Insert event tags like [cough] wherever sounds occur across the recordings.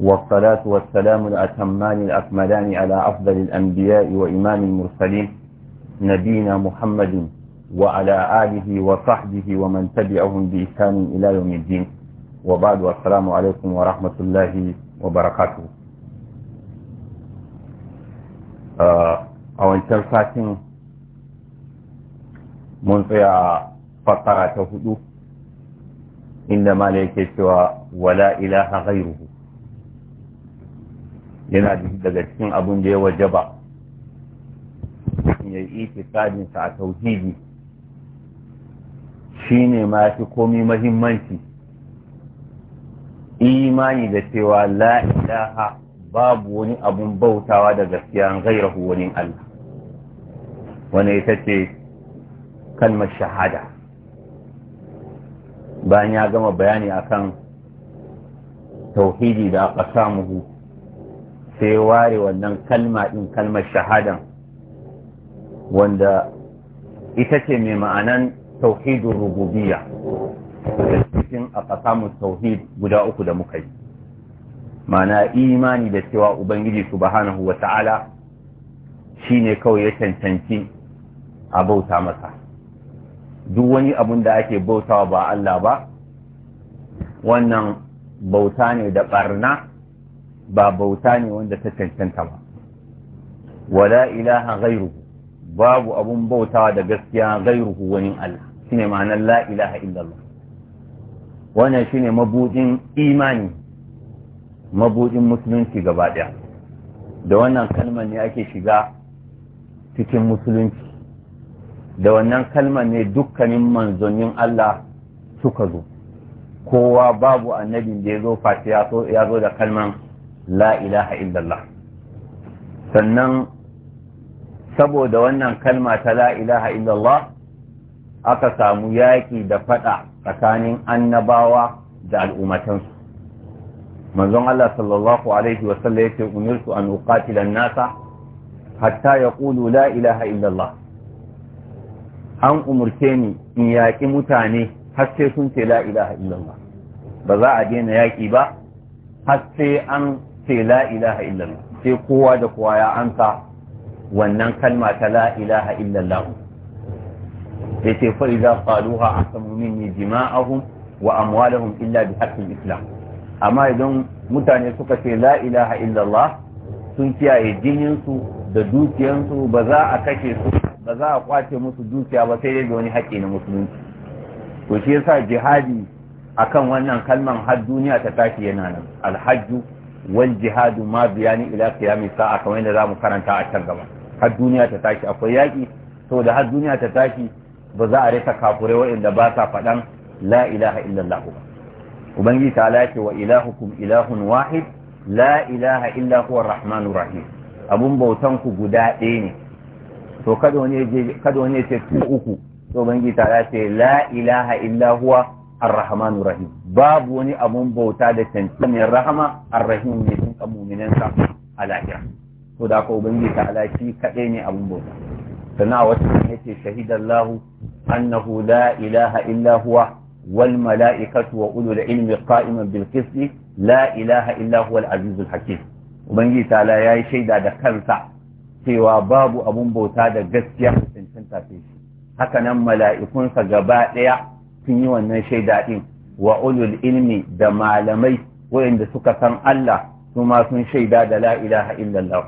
والصلاة والسلام الأتمان الأكملان على أفضل الأنبياء وإمام المرسلين نبينا محمد وعلى آله وصحبه ومن تبعهم بإحسان إلى يوم الدين وبعد والسلام عليكم ورحمة الله وبركاته آه، أو أنت الفاتن منطقة فقرة هدوء إنما ليك ولا إله غيره yana daga cikin abin da ya ba, ya yi itikadinsa a tauhidi shi ne ma fi komi mahimmanci imani da cewa lailaha babu wani abun bautawa da gaskiya gairahu wani Allah wani ita ce kalmar shahada bayan ya gama bayani akan tauhidi da aka samu sai ware wannan kalma ɗin kalmar shahadan wanda ita ce mai ma'anan tauhidin rububiya da cikin a kasamun tauhid guda uku da muka yi mana imani da cewa ubangiji su subhanahu wa ta'ala shi ne kawai ya cancanci a bauta masa duk wani abun da ake bautawa ba Allah ba wannan bauta ne da barna ba bauta ne wanda ta cancanta ba wala ilaha ghairuhu babu abun bautawa da gaskiya ghairuhu wani Allah shine ma'anar la ilaha illallah wannan shine mabudin imani mabudin musulunci gaba daya da wannan kalmar ne ake shiga cikin musulunci da wannan kalmar ne dukkanin manzonin Allah suka zo kowa babu annabin da ya zo ya zo da kalmar la ilaha illallah sannan saboda wannan kalma ta la ilaha illallah aka samu yaƙi da faɗa tsakanin annabawa da al'ummatansu manzon Allah sallallahu alaihi wasallam ya ce umirtu an uqatila nasa hatta yaqulu la ilaha illallah an umurce ni in yaƙi mutane har sai sun ce la ilaha illallah ba za a daina yaƙi ba har sai an sai la ilaha illallah sai kowa da kowa ya amsa wannan kalma ta la ilaha illallah sai ce fa idza qaluha asamu minni jima'ahum wa amwalahum illa bi haƙƙin islam amma idan mutane suka ce la ilaha illallah sun kiyaye jininsu da dukiyansu ba za a kashe su ba za a kwace musu dukiya ba sai dai da wani haƙƙi na musulunci to shi yasa jihadi akan wannan kalman har duniya ta tashi yana nan alhajju wal jihadu ma biyani ila qiyamis sa'a kamar yadda zamu karanta a can gaba har duniya ta tashi akwai yaki saboda har duniya ta tashi ba za a rasa kafurai waɗanda ba sa faɗan la ilaha illallah ba ubangiji ta ala wa ilahukum ilahun wahid la ilaha illa huwa rahmanur abun bautan ku guda ɗaya ne to kada wani ya uku to ubangiji ta ala la ilaha illa ar-rahmanu babu wani abun bauta da cancan mai rahama ar-rahim ne din mu'minansa a lahira to da ko ubangiji ta alaki kaɗai ne abun bauta sannan a wata shahidallahu annahu la ilaha illa huwa wa ulul ilmi qa'iman bil qisti la ilaha illa huwa al azizul ubangiji ta ala yayi shaida da kansa cewa babu abun bauta da gaskiya cancanta sai shi haka nan mala'ikunsa gaba ɗaya sun yi wannan shaida ɗin wa ulul ilmi da malamai waɗanda suka san Allah su ma sun shaida da la ilaha illallah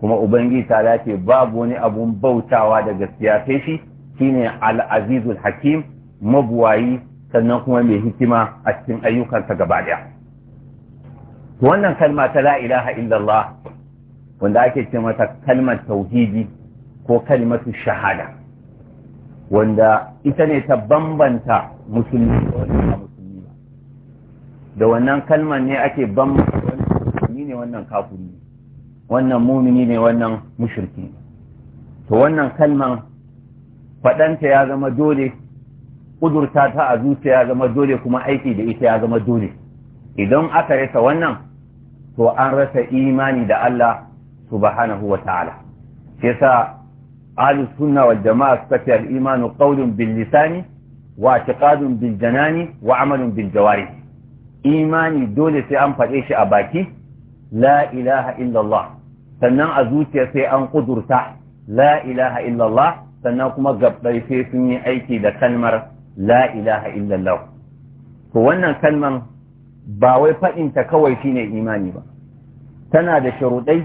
kuma ubangiji ta ce babu wani abun bautawa da gaskiya sai shi shine al-azizul hakim mabuwayi sannan kuma mai hikima a cikin ayyukansa gaba daya wannan kalma ta la ilaha illallah wanda ake ce mata kalmar tauhidi ko kalmatu shahada wanda ita ne ta bambanta musulmi da wani musulmi ba da wannan kalman ne ake bambanta wani musulmi ne wannan kafuri wannan mumini ne wannan mushirki to wannan kalman faɗanta ya zama dole ƙudurta ta a zuciya ya zama dole kuma aiki da ita ya zama dole idan aka rasa wannan to an rasa imani da Allah subhanahu wa ta'ala yasa ahlus sunna wal jama'a suka ce al-imanu qawlun bil lisani wa i'tiqadun bil janani wa amalun bil jawarih imani dole sai an faɗe shi a baki la ilaha illallah sannan a zuciya sai an ƙudurta, la ilaha illallah sannan kuma gabbai sai sun yi aiki da kalmar la ilaha illallah to wannan kalmar ba wai faɗinta kawai shine imani ba tana da sharuɗai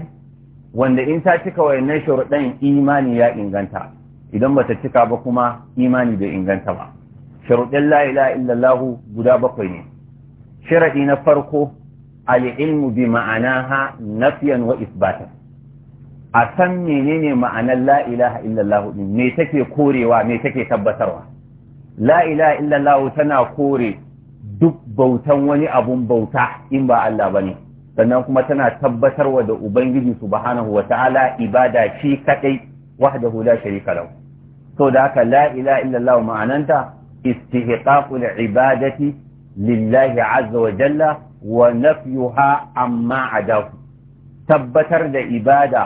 wanda in ta cika wayannan sharuɗan imani ya inganta idan bata cika ba kuma imani bai inganta ba sharuɗin la ilaha illallah guda bakwai ne sharaɗi na farko al-ilmu bi ma'anaha nafiyan wa isbatan a san menene ma'anar la ilaha illallah din me take korewa me take tabbatarwa la ilaha illallah tana kore duk bautan wani abun bauta in ba Allah bane sannan kuma tana tabbatarwa da ubangiji subhanahu ta'ala ibada shi kadai wahdahu la sharika lahu da haka la ilaha illallah ma'ananta istihqaqul ibadati lillahi azza wa jalla wa nafyuha amma adahu tabbatar da ibada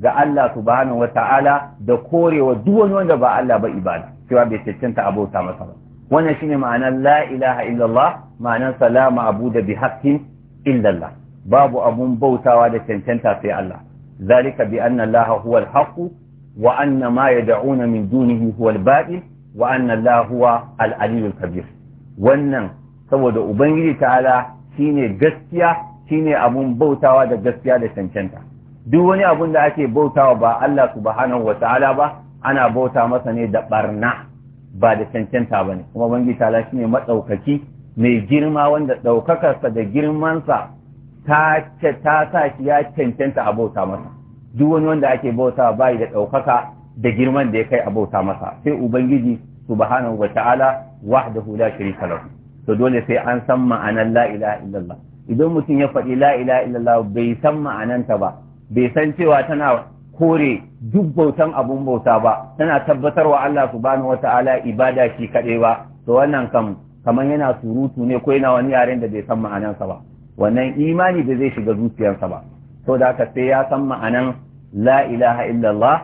ga Allah subhanahu ta'ala da korewa duk wani wanda ba Allah ba ibada cewa bai cancanta abota masa ba wannan shine ma'anar la ilaha illallah ma'anar salama abu da bi haqqin illallah babu abun bautawa da cancanta sai Allah zalika bi anna Allah huwa al-haq wa anna ma yad'una min dunihi huwa al-batil wa anna Allah huwa al al-kabir wannan saboda ubangiji ta'ala shine gaskiya shine abun bautawa da gaskiya da cancanta duk wani abun da ake bautawa ba Allah subhanahu wa ta'ala ba ana bauta masa ne da barna ba da cancanta ba ne kuma ubangiji ta'ala shine matsaukaki mai girma wanda ɗaukakarsa da girmansa ta ta sa shi ya cancanta a bauta masa duk wani wanda ake bauta ba da ɗaukaka da girman da ya kai a bauta masa sai ubangiji subhanahu wa ta'ala wahdahu la sharika lahu to dole sai an san ma'anar la ilaha illallah idan mutum ya faɗi la ilaha illallah bai san ma'ananta ba bai san cewa tana kore duk bautan abun bauta ba tana tabbatarwa Allah subhanahu ta'ala ibada shi kaɗai ba to wannan kam kamar yana surutu ne ko yana wani yaren da bai san ma'anansa ba wannan imani da zai shiga zuciyarsa ba to da haka sai ya san ma'anan la ilaha illallah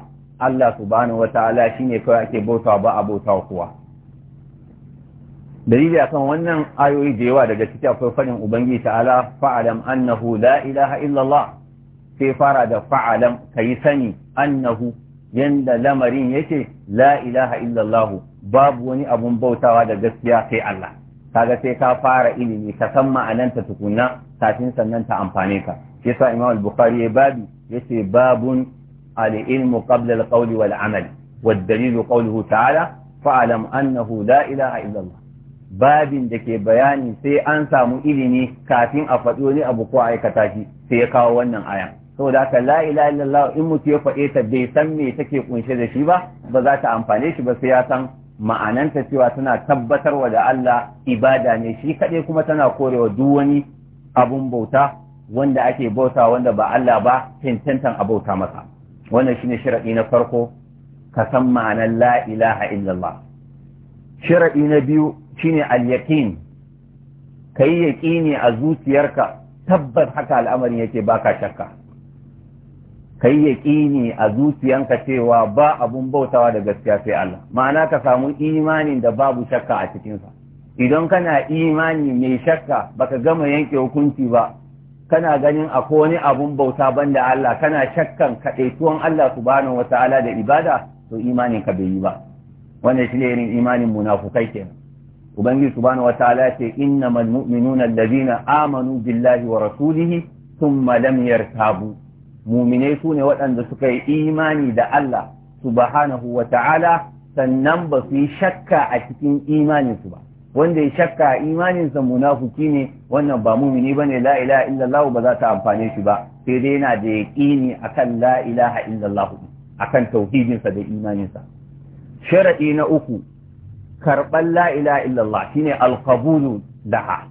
Allah subhanahu wataala shine kawai ake bautawa ba a bautawa kowa dalili akan wannan ayoyi da yawa daga cikin akwai fadin ubangiji ta'ala fa'alam annahu la ilaha illallah sai fara da fa'alam kai sani annahu yanda lamarin yake la ilaha illallah babu wani abun bautawa da gaskiya sai Allah kaga sai ka fara ilimi ka san ma'ananta tukunna kafin sannan ta amfane ka yasa imam al-bukhari ya babi yace babun al-ilmu qabla al-qawli wal amali wad dalilu qawluhu ta'ala fa'alam annahu la ilaha illallah babin da ke bayani sai an samu ilimi kafin a faɗi wani abu ko aikata shi sai ya kawo wannan aya saboda haka la ilaha illallah in mutum ya faɗe ta bai san me take kunshe da shi ba ba za ta amfane shi ba sai ya san ma'ananta cewa tana tabbatarwa da Allah ibada ne shi kaɗai kuma tana korewa duk wani abun bauta wanda ake bauta wanda ba Allah ba cancantan a bauta masa wannan shine sharaɗi na farko ka san ma'anar la ilaha illallah sharaɗi na biyu shine al-yaqin kai yaqini a zuciyarka tabbas haka al'amarin yake baka shakka kai yaƙini a zuciyanka cewa ba abun bautawa da gaskiya sai Allah ma'ana ka samu imanin da babu shakka a cikinsa idan kana imani mai shakka baka gama yanke hukunci ba kana ganin akwai wani abun bauta banda Allah kana shakkan kaɗaituwan Allah subhanahu wata'ala da ibada to imanin ka bai yi ba wannan shi ne irin imanin munafukai kenan ubangiji subhanahu wata'ala ce innamal mu'minuna allazina amanu billahi wa rasulihi thumma lam yartabu muminai su ne waɗanda suka yi imani da Allah subhanahu wa ta'ala sannan ba su yi shakka a cikin imaninsu ba wanda ya shakka a imaninsa munafuki ne wannan ba mumini ba ne la ilaha ba za ta amfane shi ba sai dai yana da yaƙini akan la ilaha a kan tauhidinsa da imaninsa sharaɗi na uku karɓar la ilaha illallah shine alqabulu daha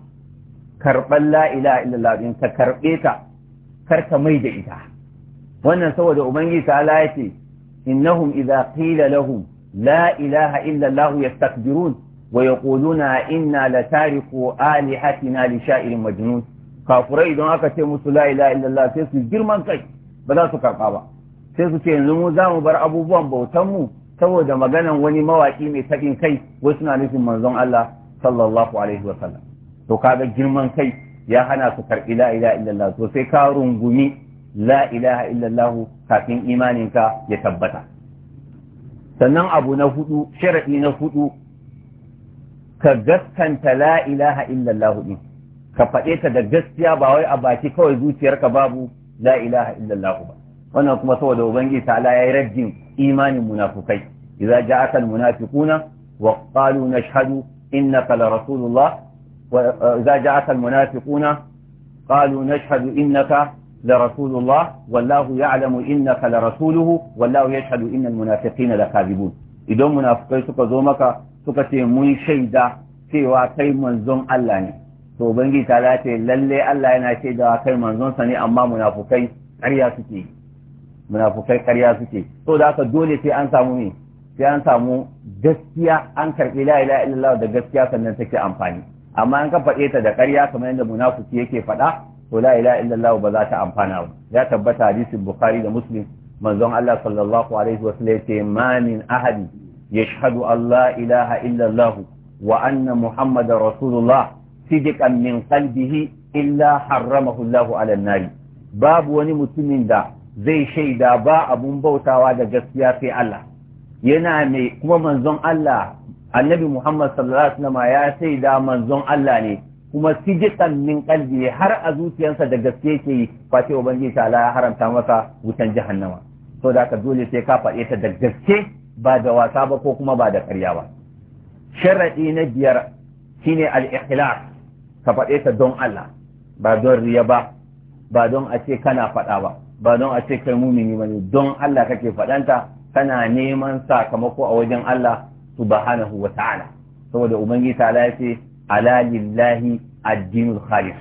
karɓar la ilaha illallah in ka karɓe ta kar ka mai da ita wannan saboda ubangiji ta ala yace innahum idza qila lahum la ilaha illa allah yastakbirun wa yaquluna inna la tariku alihatina li sha'irin majnun kafurai idan aka ce musu la ilaha sai su girman kai ba za su karɓa ba sai su ce yanzu mu za mu bar abubuwan bautan mu saboda maganan wani mawaki mai taɓin kai wasu na nufin manzon Allah sallallahu alaihi wa sallam to kaga girman kai ya hana su karɓi la ilaha illallah to sai ka rungumi لا إله إلا الله كافين إيمانك يثبت سنن أبو نفتو شرعي نفتو كجسكن لا إله إلا الله دي كفأيت دجست يا باوي أباكي كوي زوتي ركبابو لا إله إلا الله وانا كما سوى دوبنجي تعالى يرجم إيمان المنافقين إذا جاءك المنافقون وقالوا نشهد إنك لرسول الله وإذا جاءك المنافقون قالوا نشهد إنك لرسول الله والله يعلم إنك لرسوله والله يشهد إن المنافقين لكاذبون إذا منافقين سكا زومك سكا تيمون شيدا سوى كي منزوم الله ني تو بنجي تالاتي للي الله ينا شيدا كي منزوم سني أما منافقين قريا سكي منافقين قريا سكي تو داك دولي في أنسى ممين في أنسى مو جسيا أنكر إلا إلا إلا الله دا جسيا سنن تكي أمفاني أما أنك فأيتا دا قريا كما يند منافقين يكي فدا to la ilaha illallah ba za ta amfana ba ya tabbata hadisin bukhari da muslim manzon Allah sallallahu alaihi wasallam yace ma min ahadi yashhadu an ilaha illallah wa anna muhammadar rasulullah sidiqan min qalbihi illa harramahu Allah ala nari babu wani mutumin da zai shaida ba abun bautawa da gaskiya sai Allah yana mai kuma manzon Allah annabi Muhammad sallallahu alaihi ya shaida manzon Allah ne kuma sijikan min kalbi har a zuciyarsa da gaske ke yi face ubangiji ta ya haramta masa wutan jahannama so da ka dole sai ka faɗe ta da gaske ba da wasa ba ko kuma ba da ƙarya ba sharaɗi na biyar shine al-ikhlas ka faɗe ta don Allah ba don riya ba ba don a ce kana faɗa ba ba don a ce kai mumini bane don Allah kake faɗanta kana neman sakamako a wajen Allah subhanahu wa ta'ala saboda ubangiji ta ya ce alalillahi lillahi addinul khalis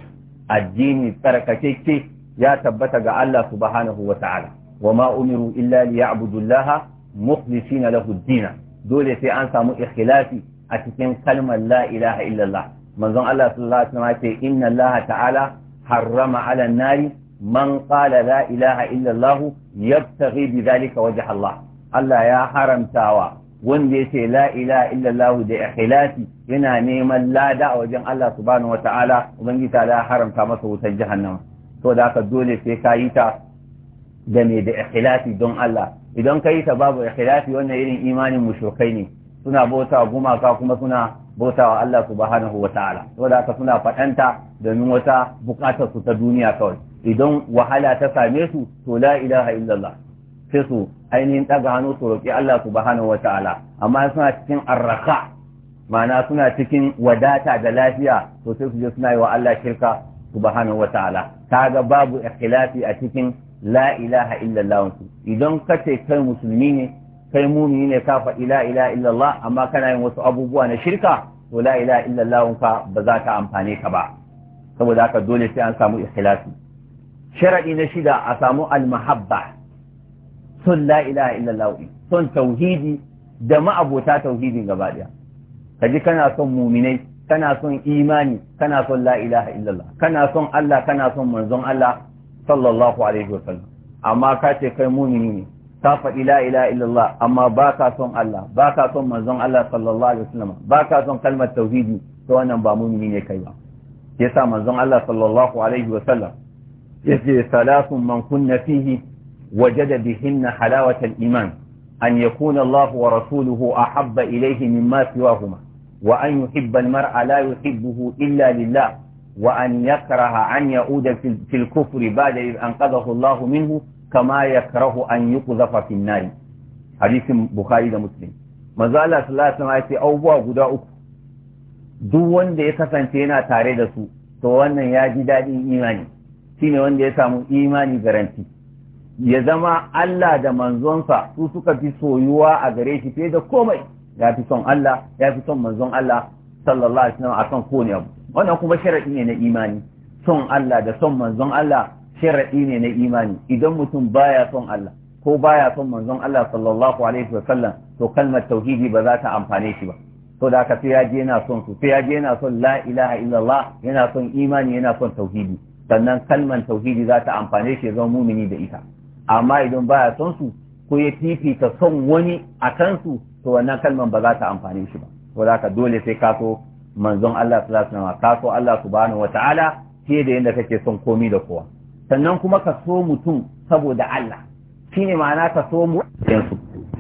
addini tsarkakeke ya tabbata ga Allah subhanahu wa ta'ala wa ma umiru illa liya'budullaha mukhlisina lahu dina dole sai an samu ikhlasi a cikin kalmar la ilaha illallah manzon Allah sallallahu alaihi wasallam ce inna Allah ta'ala harrama ala nari man qala la ilaha illallah yabtaghi bidhalika wajha Allah Allah ya haramtawa wanda ya ce la ilaha illallah da ikhlasi yana neman lada a wajen Allah subhanahu wataala ubangiji ta haramta masa wutar jahannama to da haka dole sai ka yi ta da me da ikhlasi don Allah idan ka yi ta babu ikhlasi wannan irin imanin mushrikai ne suna bauta gumaka kuma suna bauta wa Allah subhanahu wataala to da haka suna fadanta domin wata bukatar su ta duniya kawai idan wahala ta same su to la ilaha illallah sai su ainihin ɗaga hannu su roƙi Allah subhanahu wa ta'ala amma suna cikin arraka ma'ana suna cikin wadata da lafiya to sai su je suna yi wa Allah shirka subhanahu wa ta'ala kaga babu ikhlafi a cikin la ilaha illallah su idan ka ce kai musulmi ne kai mumini ne ka faɗi la ilaha illallah amma kana yin wasu abubuwa na shirka to la ilaha illallah ka ba za ta amfane ka ba saboda haka dole sai an samu ikhlafi sharaɗi na shida a samu al-mahabba son la ilaha illallah son tauhidi da ma'abota tauhidin gaba daya kaji kana son muminai kana son imani kana son la ilaha illallah kana son Allah kana son manzon Allah sallallahu alaihi wasallam amma ka ce kai mumini ne ka faɗi la ilaha illallah amma ba ka son Allah ba ka son manzon Allah sallallahu alaihi wasallam ba ka son kalmar tauhidi to wannan ba mumini ne kai ba sa manzon Allah sallallahu alaihi wasallam yace salatun man kunna fihi وجد بهن حلاوة الإيمان أن يكون الله ورسوله أحب إليه مما سواهما وأن يحب المرء لا يحبه إلا لله وأن يكره أن يعود في الكفر بعد إذ أنقذه الله منه كما يكره أن يقذف في النار حديث بخاري ومسلم mazala sallallahu alaihi abubuwa guda uku duk wanda ya kasance yana tare da su to wannan ya ji daɗin imani shine wanda ya samu imani garanti ya zama Allah da manzonsa su suka fi soyuwa a gare shi fiye da komai ya fi son Allah ya fi son manzon Allah sallallahu alaihi wasallam akan kowane abu wannan kuma sharadi ne na imani son Allah da son manzon Allah sharadi ne na imani idan mutum baya son Allah ko baya son manzon Allah sallallahu alaihi wasallam to kalmar tauhidi ba za ta amfane shi ba to da aka ya je yana son su ya je yana son la ilaha illallah yana son imani yana son tauhidi sannan kalmar tauhidi za ta amfane shi ya zama mumini da ita amma idan baya son su ko ya fifita son wani a kansu to wannan kalman ba za ta amfani shi ba ko za ka dole sai ka so manzon Allah sallallahu alaihi wasallam ka so Allah subhanahu wataala fiye da yanda kake son komi da kowa sannan kuma ka so mutum saboda Allah shine ma'ana ka so mu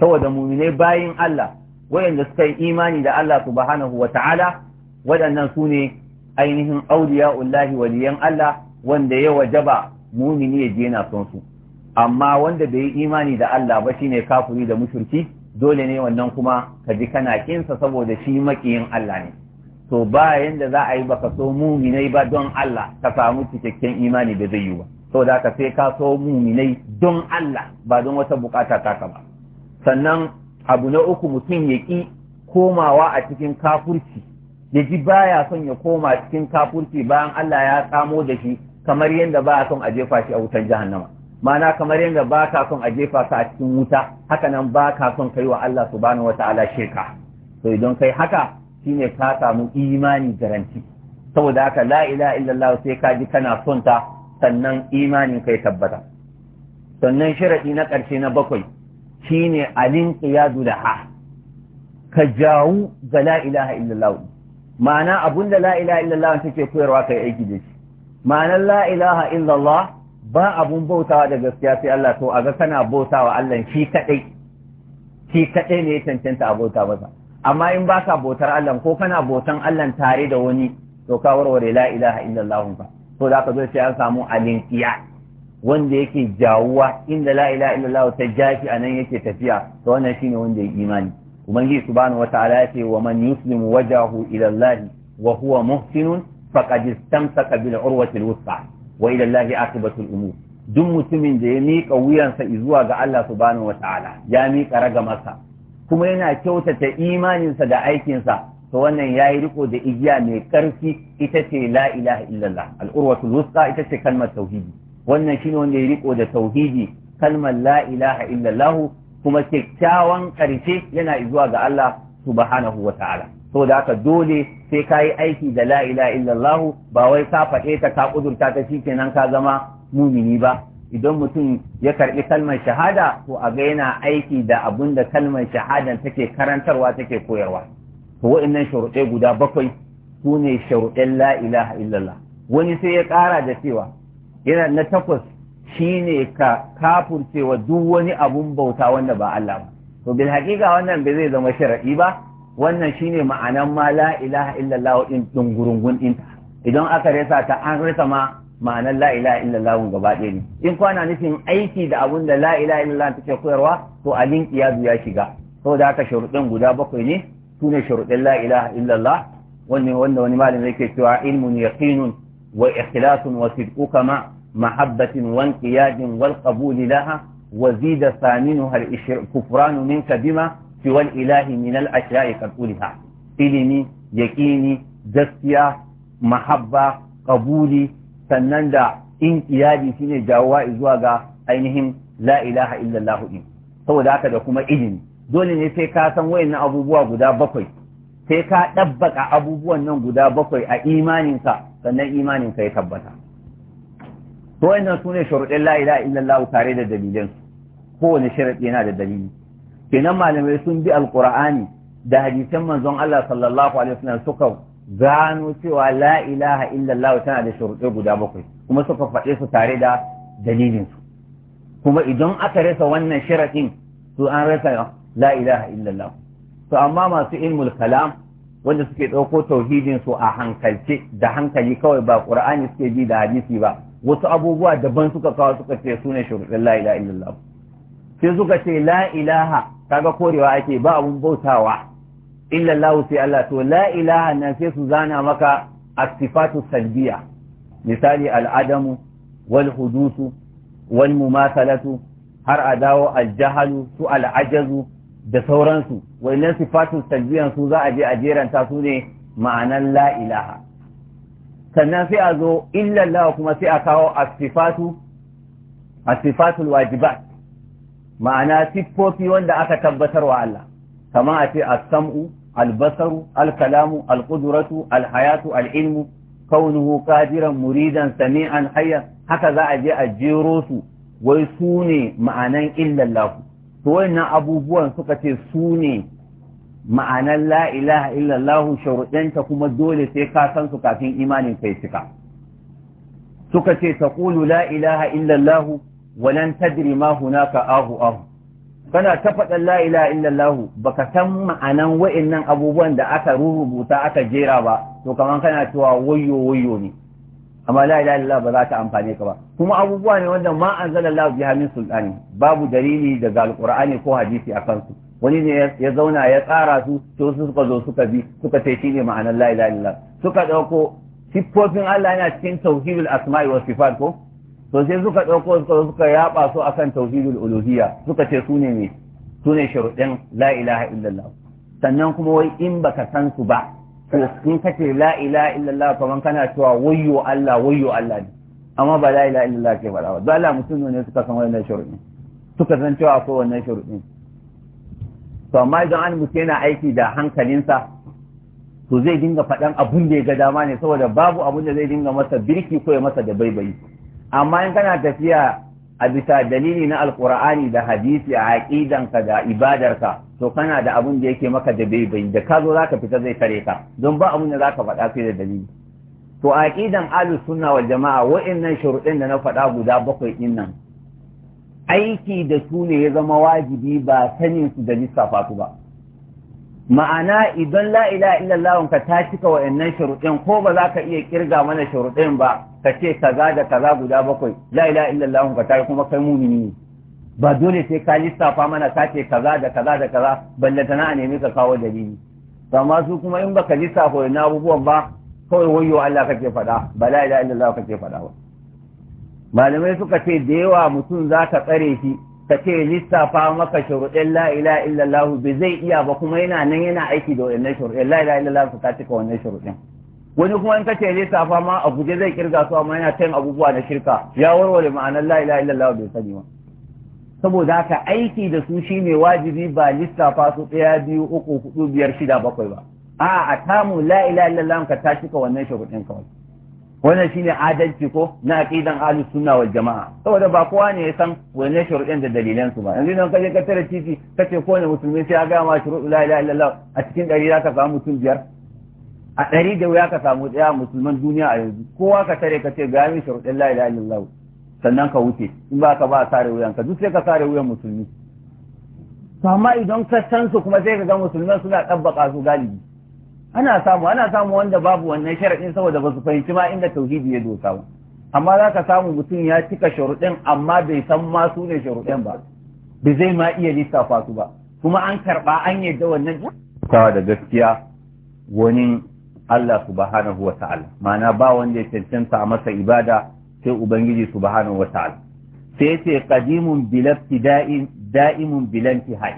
saboda mu'minai bayin Allah wayanda suka yi imani da Allah subhanahu wataala waɗannan su ne ainihin ya ullahi waliyan Allah wanda ya wajaba mumini ya je son su amma wanda bai yi imani da Allah ba shine kafiri da mushriki dole ne wannan kuma ka ji kana kinsa saboda shi makiyin Allah ne to ba yanda za a yi baka so muminai ba don Allah ka samu cikakken imani da zai yi ba da ka sai ka so muminai don Allah ba don wata bukata taka ba sannan abu na uku mutum ya ki komawa a cikin kafurci ya ji baya son ya koma cikin kafurci bayan Allah ya tsamo da shi kamar yadda ba a son a jefa shi a wutar jahannama mana kamar yadda ba ka son a jefa ka a cikin wuta haka nan ba ka son kai wa Allah subhanahu wata'ala sheka. to idan kai haka shine ka samu imani garanti saboda haka la ilaha illallah sai ka ji kana son ta sannan imanin kai tabbata sannan sharadi na ƙarshe na bakwai shine alin qiyadu da ha ka jawu ga la ilaha illallah ma'ana abunda la ilaha illallah take koyarwa kai aiki da shi ma'anar la ilaha illallah ba abun bautawa da gaskiya sai Allah to a ga kana bautawa Allah shi kadai shi kadai ne ya cancanta a bauta masa amma in ba ka bautar Allah ko kana bautan Allah tare da wani to ka warware la ilaha illallah ba to da ka zo sai an samu alinkiya wanda yake jawuwa inda la ilaha illallah ta jafi anan yake tafiya to wannan shine wanda ya imani ubangiji subhanahu wataala ya ce wa man yuslimu wajahu ila Allah wa huwa muhsinun faqad istamsaka bil urwati al wa ila lahi akibatul umur duk mutumin da ya miƙa wuyansa zuwa ga Allah subhanahu wata'ala ya miƙa ragamarsa kuma yana kyautata imaninsa da aikinsa to wannan ya yi riko da igiya mai ƙarfi ita ce la ilaha illallah al'urwatul wusta ita ce kalmar tauhidi wannan shine wanda ya riko da tauhidi kalmar la ilaha illallah kuma kyakkyawan ƙarshe yana zuwa ga Allah subhanahu wata'ala saboda haka dole sai ka yi aiki da la illallah ba wai ka faɗe ta ka kudurta ta kenan ka zama mumini ba idan mutum ya karɓi kalmar shahada to a ga yana aiki da abun da kalmar shahadan take karantarwa take koyarwa to wa'annan sharuɗai guda bakwai su ne sharuɗin la ilaha illallah wani sai ya ƙara da cewa yana na takwas shine ka kafurcewa duk wani abun bauta wanda ba Allah ba to bil haƙiƙa wannan bai zai zama sharaɗi ba wannan shine ma'anan ma la ilaha illallah din dungurungun din idan aka rasa ta an rasa ma ma'anan la ilaha illallah gaba ɗaya ne in kwana nufin aiki da abun da la ilaha illallah take koyarwa to alin qiyazu ya shiga saboda haka sharuɗin guda bakwai ne ne sharuɗin la ilaha illallah wannan wanda wani malami yake cewa ilmun yaqinun wa ikhlasun wa sidquka ma mahabbatin wa inqiyadin wal qabul laha wa zida thaminuha al-kufran minka bima siwal ilahi min al ashiya'i qatulha ilimi yaƙini, gaskiya mahabba qabuli sannan da inqiyadi shine jawowa zuwa ga ainihin la ilaha illallah din saboda haka da kuma ilimi dole ne sai ka san wayannan abubuwa guda bakwai sai ka ɗabbaka abubuwan nan guda bakwai a imaninka sannan imaninka ya tabbata to wayannan sune sharuɗin la ilaha illallahu, tare da dalilan kowane sharaɗi yana da dalili kenan malamai sun bi alkur'ani da hadisan manzon Allah sallallahu alaihi wasallam suka gano cewa la ilaha illallah tana da shuruɗe guda bakwai kuma suka faɗe su tare da dalilin su kuma idan aka rasa wannan sharaɗin to an rasa la ilaha illallah to amma masu ilmul kalam wanda suke ɗauko tauhidin su a hankalce da hankali kawai ba qur'ani suke bi da hadisi ba wasu abubuwa daban suka kawo suka ce su ne shuruɗin la ilaha illallah sai suka ce la ilaha kaga korewa ake ba abun bautawa illa Allah sai Allah to la ilaha nan sai su zana maka asifatu salbiya misali al'adamu wal hudusu wal mumasalatu har a dawo aljahalu su al'ajaru, da sauransu wannan sifatun salbiyan su za a je a jeranta su ne ma'anan la ilaha sannan sai a zo illallah kuma sai a kawo asifatu asifatul wajibat ma'ana siffofi wanda aka tabbatar wa Allah kama a ce as-sam'u al-basaru al-kalamu al-qudratu al-hayatu al-ilmu kaunuhu qadiran muridan sami'an hayya haka za a je a jero su wai su ne ma'anan illallahu to wannan abubuwan suka ce su ne ma'anan la ilaha illallahu sharuɗanta kuma dole sai ka san su kafin imanin kai cika suka ce taqulu la ilaha illallahu walan tadri ma hunaka ahu ahu kana ta faɗan la ilaha illallah baka san ma'anan wayannan abubuwan da aka rubuta aka jera ba to kaman kana cewa wayyo wayyo ne amma la ilaha illallah ba za ta amfane ka ba kuma abubuwa ne wanda ma anzalallahu biha min sultani babu dalili daga alqur'ani ko hadisi akan su wani ne ya zauna ya tsara su to su suka zo suka bi suka ce ne ma'anan la ilaha illallah suka dauko siffofin Allah yana cikin tauhidul asma'i wa sifat ko to sai suka ɗauko suka suka yaba su akan tauhidul uluhiyya suka ce su ne ne su ne sharuɗin la ilaha illallah sannan kuma wai in baka san su ba to in ka ce la ilaha illallah kaman kana cewa wayyo Allah wayyo Allah ne amma ba la ilaha illallah ke fara ba dan Allah mutum ne suka san wannan sharuɗin suka san cewa akwai wannan sharuɗin to amma idan an mutum yana aiki da hankalinsa to zai dinga faɗan abun da ya ga dama ne saboda babu abun da zai dinga masa birki ko ya masa da baibayi amma in kana tafiya a bisa dalili na alkur'ani da hadisi a ka da ibadarka to kana da abun da yake maka da bai bai da ka zo za ka fita zai kare ka don ba abun da ka faɗa sai da dalili to aƙidan alu sunna wa jama'a nan shuruɗin da na faɗa guda bakwai ɗin nan aiki da su ne ya zama wajibi ba sanin su da lissafa su ba ma'ana idan la ilaha illallah ka ta cika wa’yannan sharuɗin ko ba za ka iya kirga mana sharuɗin ba ka ce kaza da kaza guda bakwai la ilaha illallah ka ta kuma kai mumini ne ba dole sai ka lissafa mana ka ce kaza da kaza da kaza na a nemi ka kawo dalili amma su kuma in baka lissafa wa'annan abubuwan ba kawai wayo Allah kake faɗa ba la ilaha illallah kake faɗa ba malamai suka ce da yawa mutum za ka tsare shi ka ce lissafa maka shuruɗin la ila illallah bai zai iya ba kuma yana nan yana aiki da wannan shuruɗin la ila illallah su ka cika wannan shuruɗin wani kuma in ka ce lissafa ma a guje zai kirga su amma yana tayin abubuwa na shirka ya warware ma'anar la ila illallah bai sani ba saboda haka aiki da su shine wajibi ba lissafa su ɗaya biyu uku hudu biyar shida bakwai ba a'a a tamu la ila illallah ka ta cika wannan shuruɗin kawai wannan shine adalci ko na aƙidan ahlus sunna wal jamaa saboda ba kowa ne ya san wanne shuruɗin da dalilan su ba yanzu nan kaje ka tare titi ka ko kowane musulmi sai ya gama ma shuruɗu la ilaha illallah a cikin dari za ka samu mutum biyar a ɗari da wuya ka samu ɗaya musulman duniya a yanzu kowa ka tare ka ce ga min shuruɗin la ilaha illallah sannan ka wuce in ba ka ba a sare wuyan ka duk sai ka sare wuyan musulmi to amma idan ka san su kuma sai ka ga musulman suna ɗabbaƙa su galibi ana samu ana samu wanda babu wannan sharaɗin saboda ba su fahimci ma inda tauhidi ya dosa ba amma za ka samu mutum ya cika sharuɗin amma bai san ma su ne sharuɗin ba bai zai ma iya lissafa su ba kuma an karɓa an yadda wannan kawa da gaskiya wani Allah subhanahu wa ta'ala ma'ana ba wanda ya cancanta a masa ibada sai ubangiji subhanahu wa ta'ala sai ce qadimun bilabtida'in da'imun bilantihai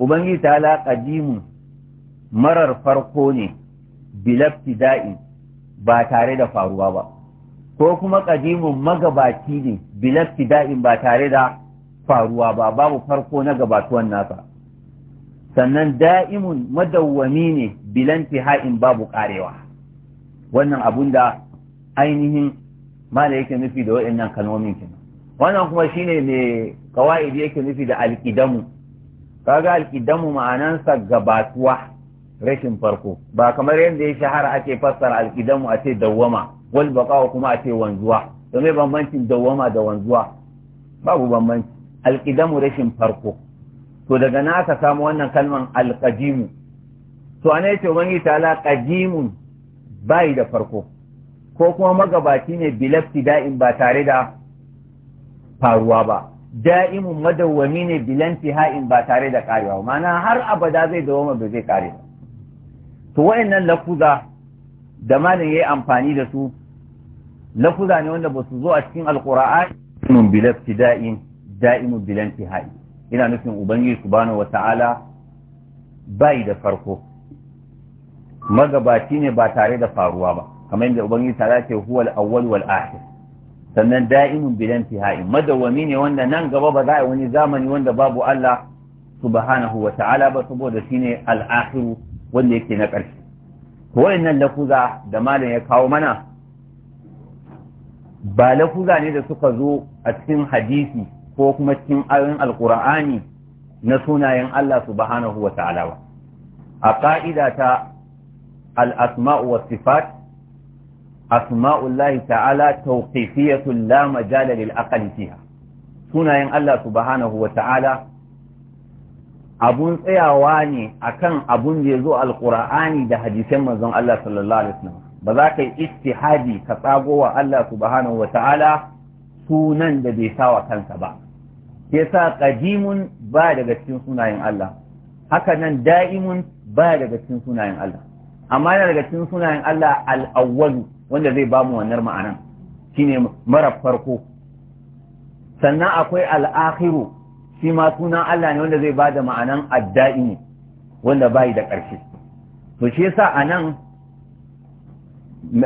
ubangiji ta'ala qadimun marar farko ne da'i ba tare da faruwa ba ko kuma ƙadimun magabaci ne da'i ba tare da faruwa ba babu farko na gabatuwan nasa sannan da'imun madawwami ne bilanti ha'in babu ƙarewa wannan abun da ainihin mala yake nufi da waɗannan kalmomin kenan wannan kuma shine mai kawa'idi yake nufi da alƙidamu kaga alƙidamu ma'anansa gabatuwa rashin farko ba kamar yadda ya shahara ake fassara alkidamu a ce dawwama wal baqa'u kuma a ce wanzuwa to me bambancin dawwama da wanzuwa babu bambanci alkidamu rashin farko to daga na aka samu wannan kalman alqadimu to ana yace ubangiji ta'ala qadimun bai da farko ko kuma magabaci ne bilafti da'in ba tare da faruwa ba da'imun madawwami ne bilanti ha'in ba tare da karewa mana har abada zai dawoma ba zai kare ba to wayannan lafuza da malin yayi amfani da su lafuza ne wanda ba su zo a cikin alqur'ani mun bil da'in, da'imun bil intihai ina nufin ubangiji subhanahu ta'ala bai da farko magabaci ne ba tare da faruwa ba kamar yadda ubangiji ta ce huwal awwal wal akhir sannan da'imun bil intihai madawami ne wanda nan gaba ba za a wani zamani wanda babu Allah subhanahu ta'ala ba saboda shine al akhiru wanda yake na ƙarshe to wayannan lafuza da malam ya kawo mana ba lafuza ne da suka zo a cikin hadisi ko kuma cikin ayoyin alkur'ani na sunayen Allah subhanahu wa ta'ala ba a ƙa'ida ta al'asma'u wa sifat asma'ullahi ta'ala tawqifiyatul la majala lil aqli fiha sunayen Allah subhanahu wa ta'ala abun tsayawa ne akan abun da ya zo alkur'ani da hadisan manzon Allah sallallahu alaihi wasallam ba za ka yi istihadi ka tsago wa Allah subhanahu wa ta'ala sunan da bai sa wa kansa ba yasa qadimun ba daga cikin sunayen Allah haka nan da'imun ba daga cikin sunayen Allah amma yana daga cikin sunayen Allah al-awwal wanda zai bamu wannan ma'anan shine mara farko sannan akwai al-akhiru shi ma sunan Allah ne wanda zai ba da ma'anan adda'i ne wanda bai da ƙarshe. to shi yasa a nan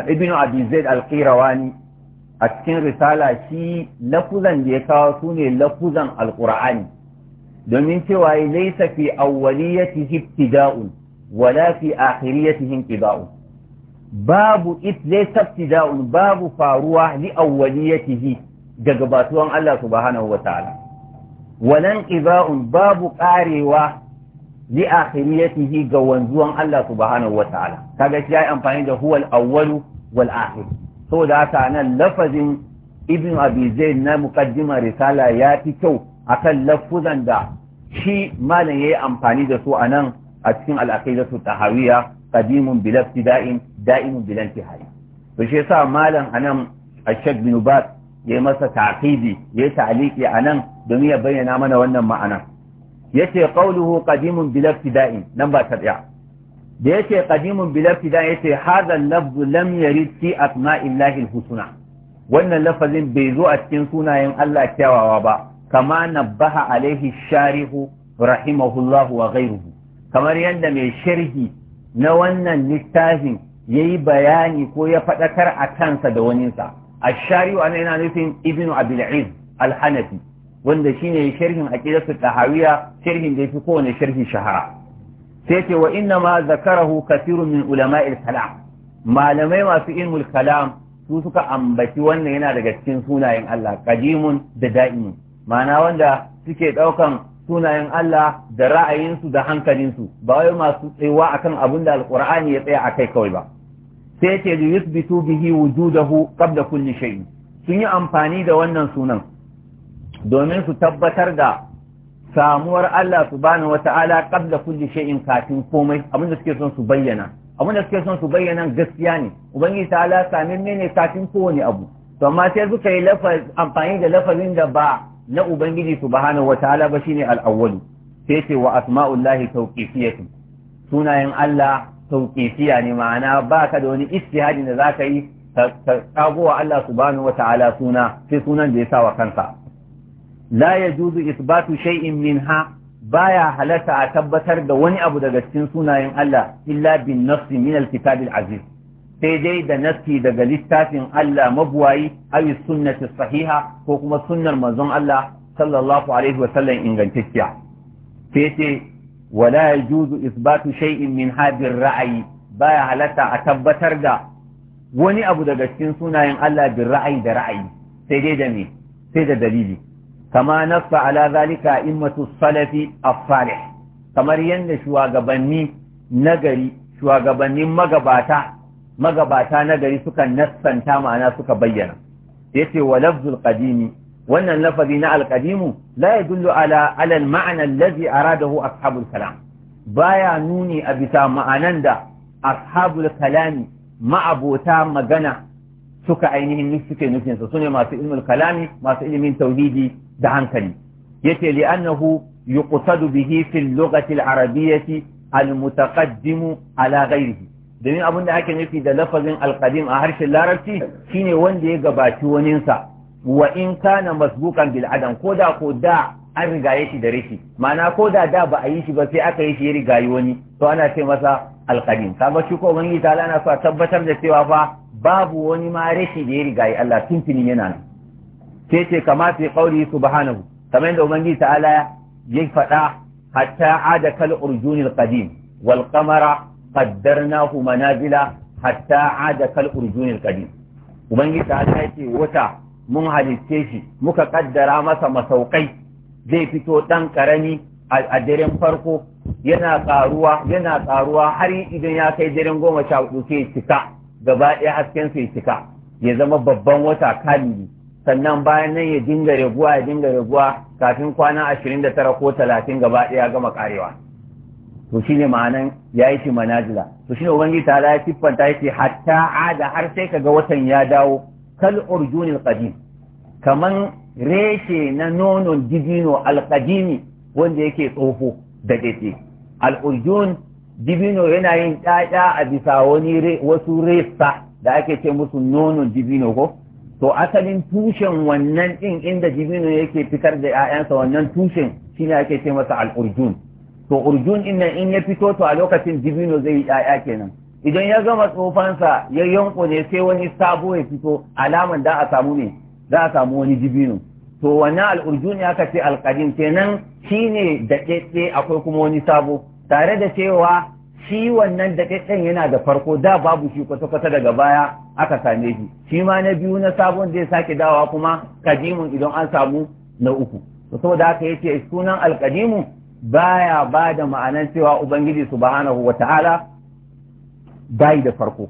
ibn abi zaid al-qirawani a cikin risala shi lafuzan da ya kawo su ne lafuzan alqur'ani domin cewa laysa fi awwaliyatihi ibtida'un wala fi akhiriyatihi inqida'un babu laysa ibtida'un babu faruwa li awwaliyatihi daga batuwan Allah subhanahu wa ta'ala walan qiba'un babu karewa li akhiriyatihi ga wanzuwan Allah subhanahu wata'ala kaga shi yayi amfani da huwal awwalu wal akhir saboda haka nan lafazin ibn abi na muqaddima risala ya fi kyau akan lafuzan da shi malam yayi amfani da su a nan? a cikin al-aqidatu tahawiyya qadimun bil ibtida'in da'imun bil intihai to shi yasa malam anan ash-shaykh bin ya yi masa ta'qidi yayi a nan? domin ya bayyana mana wannan ma'ana yace qawluhu qadimun bil ibtida'in nan ba ta da yace qadimun bil ibtida'in yace hadha al-lafz lam yarid fi asma'illahi al wannan lafazin bai zo a cikin sunayen Allah kyawawa ba kama baha alaihi sharihu rahimahullahu wa ghayruhu kamar yadda mai sharhi na wannan littafin yayi bayani ko ya faɗakar a kansa da waninsa a الشارع yana nufin ابن أبي al hanafi wanda shine sharhin aqidatu tahawiyya sharhin da yafi kowane sharhin shahara sai ce wa inna ma zakarahu kathirun min ulama'il kalam malamai masu ilmul kalam su suka ambaci wannan yana daga cikin sunayen Allah qadimun da da'imun ma'ana wanda suke daukan sunayen Allah da ra'ayinsu da hankalinsu ba wai masu tsayuwa akan abin da alqur'ani ya tsaya akai kawai ba sai ce li yuthbitu bihi wujudahu qabla kulli shay sun yi amfani da wannan sunan domin su tabbatar da samuwar Allah subhanahu wata'ala da kulli shay'in kafin komai abin da suke son su bayyana abin da suke son su bayyana gaskiya ne ubangiji ala samin ne ne kafin kowane abu to amma sai suka yi amfani da lafazin da ba na ubangiji subhanahu wata'ala ba shine al-awwal sai ce wa asma'ullahi tawqifiyatu sunayen Allah tawqifiya ne ma'ana baka da wani istihadi da zaka yi ka tsagowa Allah subhanahu wata'ala suna sai sunan da ya sa wa kansa la yajuzu isbatu shay'in minha baya halatta a tabbatar da wani abu daga cikin sunayen Allah illa bin nafsi min al aziz sai dai da nafsi daga littafin Allah mabuwayi ayi sunnati sahiha ko kuma sunnar manzon Allah sallallahu alaihi wa sallam ingantacciya sai ce wala yajuzu isbatu shay'in min hadir ra'ayi baya halatta a tabbatar da wani abu daga cikin sunayen Allah bin ra'ayi da ra'ayi sai dai sai da dalili kama nassa ala zalika immatu kamar yadda shugabanni nagari shugabannin magabata na gari suka nassanta ma'ana suka bayyana ya ce wa lafzul qadimi wannan lafazi na alqadimu la yadullu ala ala al-ma'na alladhi aradahu ashabul kalam baya nuni a bisa ma'anan da ashabul kalami ma'abota magana suka ainihin suke nufinsa su ne masu ilmul kalami masu ilimin tauhidi da hankali yace li'annahu yuqsadu bihi fil lughati al-arabiyyati al-mutaqaddimu ala ghayrihi domin abin da ake nufi da lafazin qadim a harshen larabci shine wanda ya gabaci waninsa wa in kana masbukan bil adam ko da ko da an rigaye shi da rishi ma'ana ko da da ba a yi shi ba sai aka yi shi ya rigayi wani to ana ce masa qadim kaga shi ko ubangiji ta ana so tabbatar da cewa fa babu wani ma rishi da ya rigayi Allah tuntuni yana nan sai ce kama fi qauli subhanahu kamar yadda ubangiji ta'ala ya faɗa hatta ada kal urjunil qadim wal qamara qaddarnahu manazila hatta ada kal urjunil qadim ubangiji ta'ala ya ce wata mun halitte shi muka kaddara masa masaukai zai fito ɗan ƙarami a daren farko yana karuwa yana ƙaruwa har idan ya kai daren goma sha hudu sai cika gaba ɗaya hasken sai cika ya zama babban wata kalibi. sannan bayan nan ya dinga raguwa ya dinga raguwa kafin kwana ashirin da tara ko talatin gaba ɗaya gama karewa to shine ma'anan ya yi manazila to shine ubangiji ta ya siffanta yake hatta ada har sai kaga watan ya dawo kal urjunil qadim kaman reshe na nonon dibino alqadimi wanda yake tsofo da dade al urjun dibino yana yin ɗaya a bisa wani wasu resa da ake ce musu nonon dibino ko to asalin tushen wannan din inda jibrilu yake fitar da 'ya'yansa wannan tushen shine ake ce masa al'urjun. to urjun din nan in ya fito to a lokacin Jibinu zai yi 'ya'ya kenan idan ya gama tsofansa ya yankune sai wani sabo ya fito alaman da a samu ne za a samu wani Jibinu. to wannan al'urjun ya kace al kenan shine da akwai kuma wani sabo tare da cewa shi wannan da yana da farko da babu shi kwata-kwata daga baya aka same shi shi ma na biyu na sabon zai sake dawa kuma kadimun idan an samu na uku to saboda haka yace sunan alkadimu baya ba da ma'anar cewa ubangiji subhanahu ta'ala bai da farko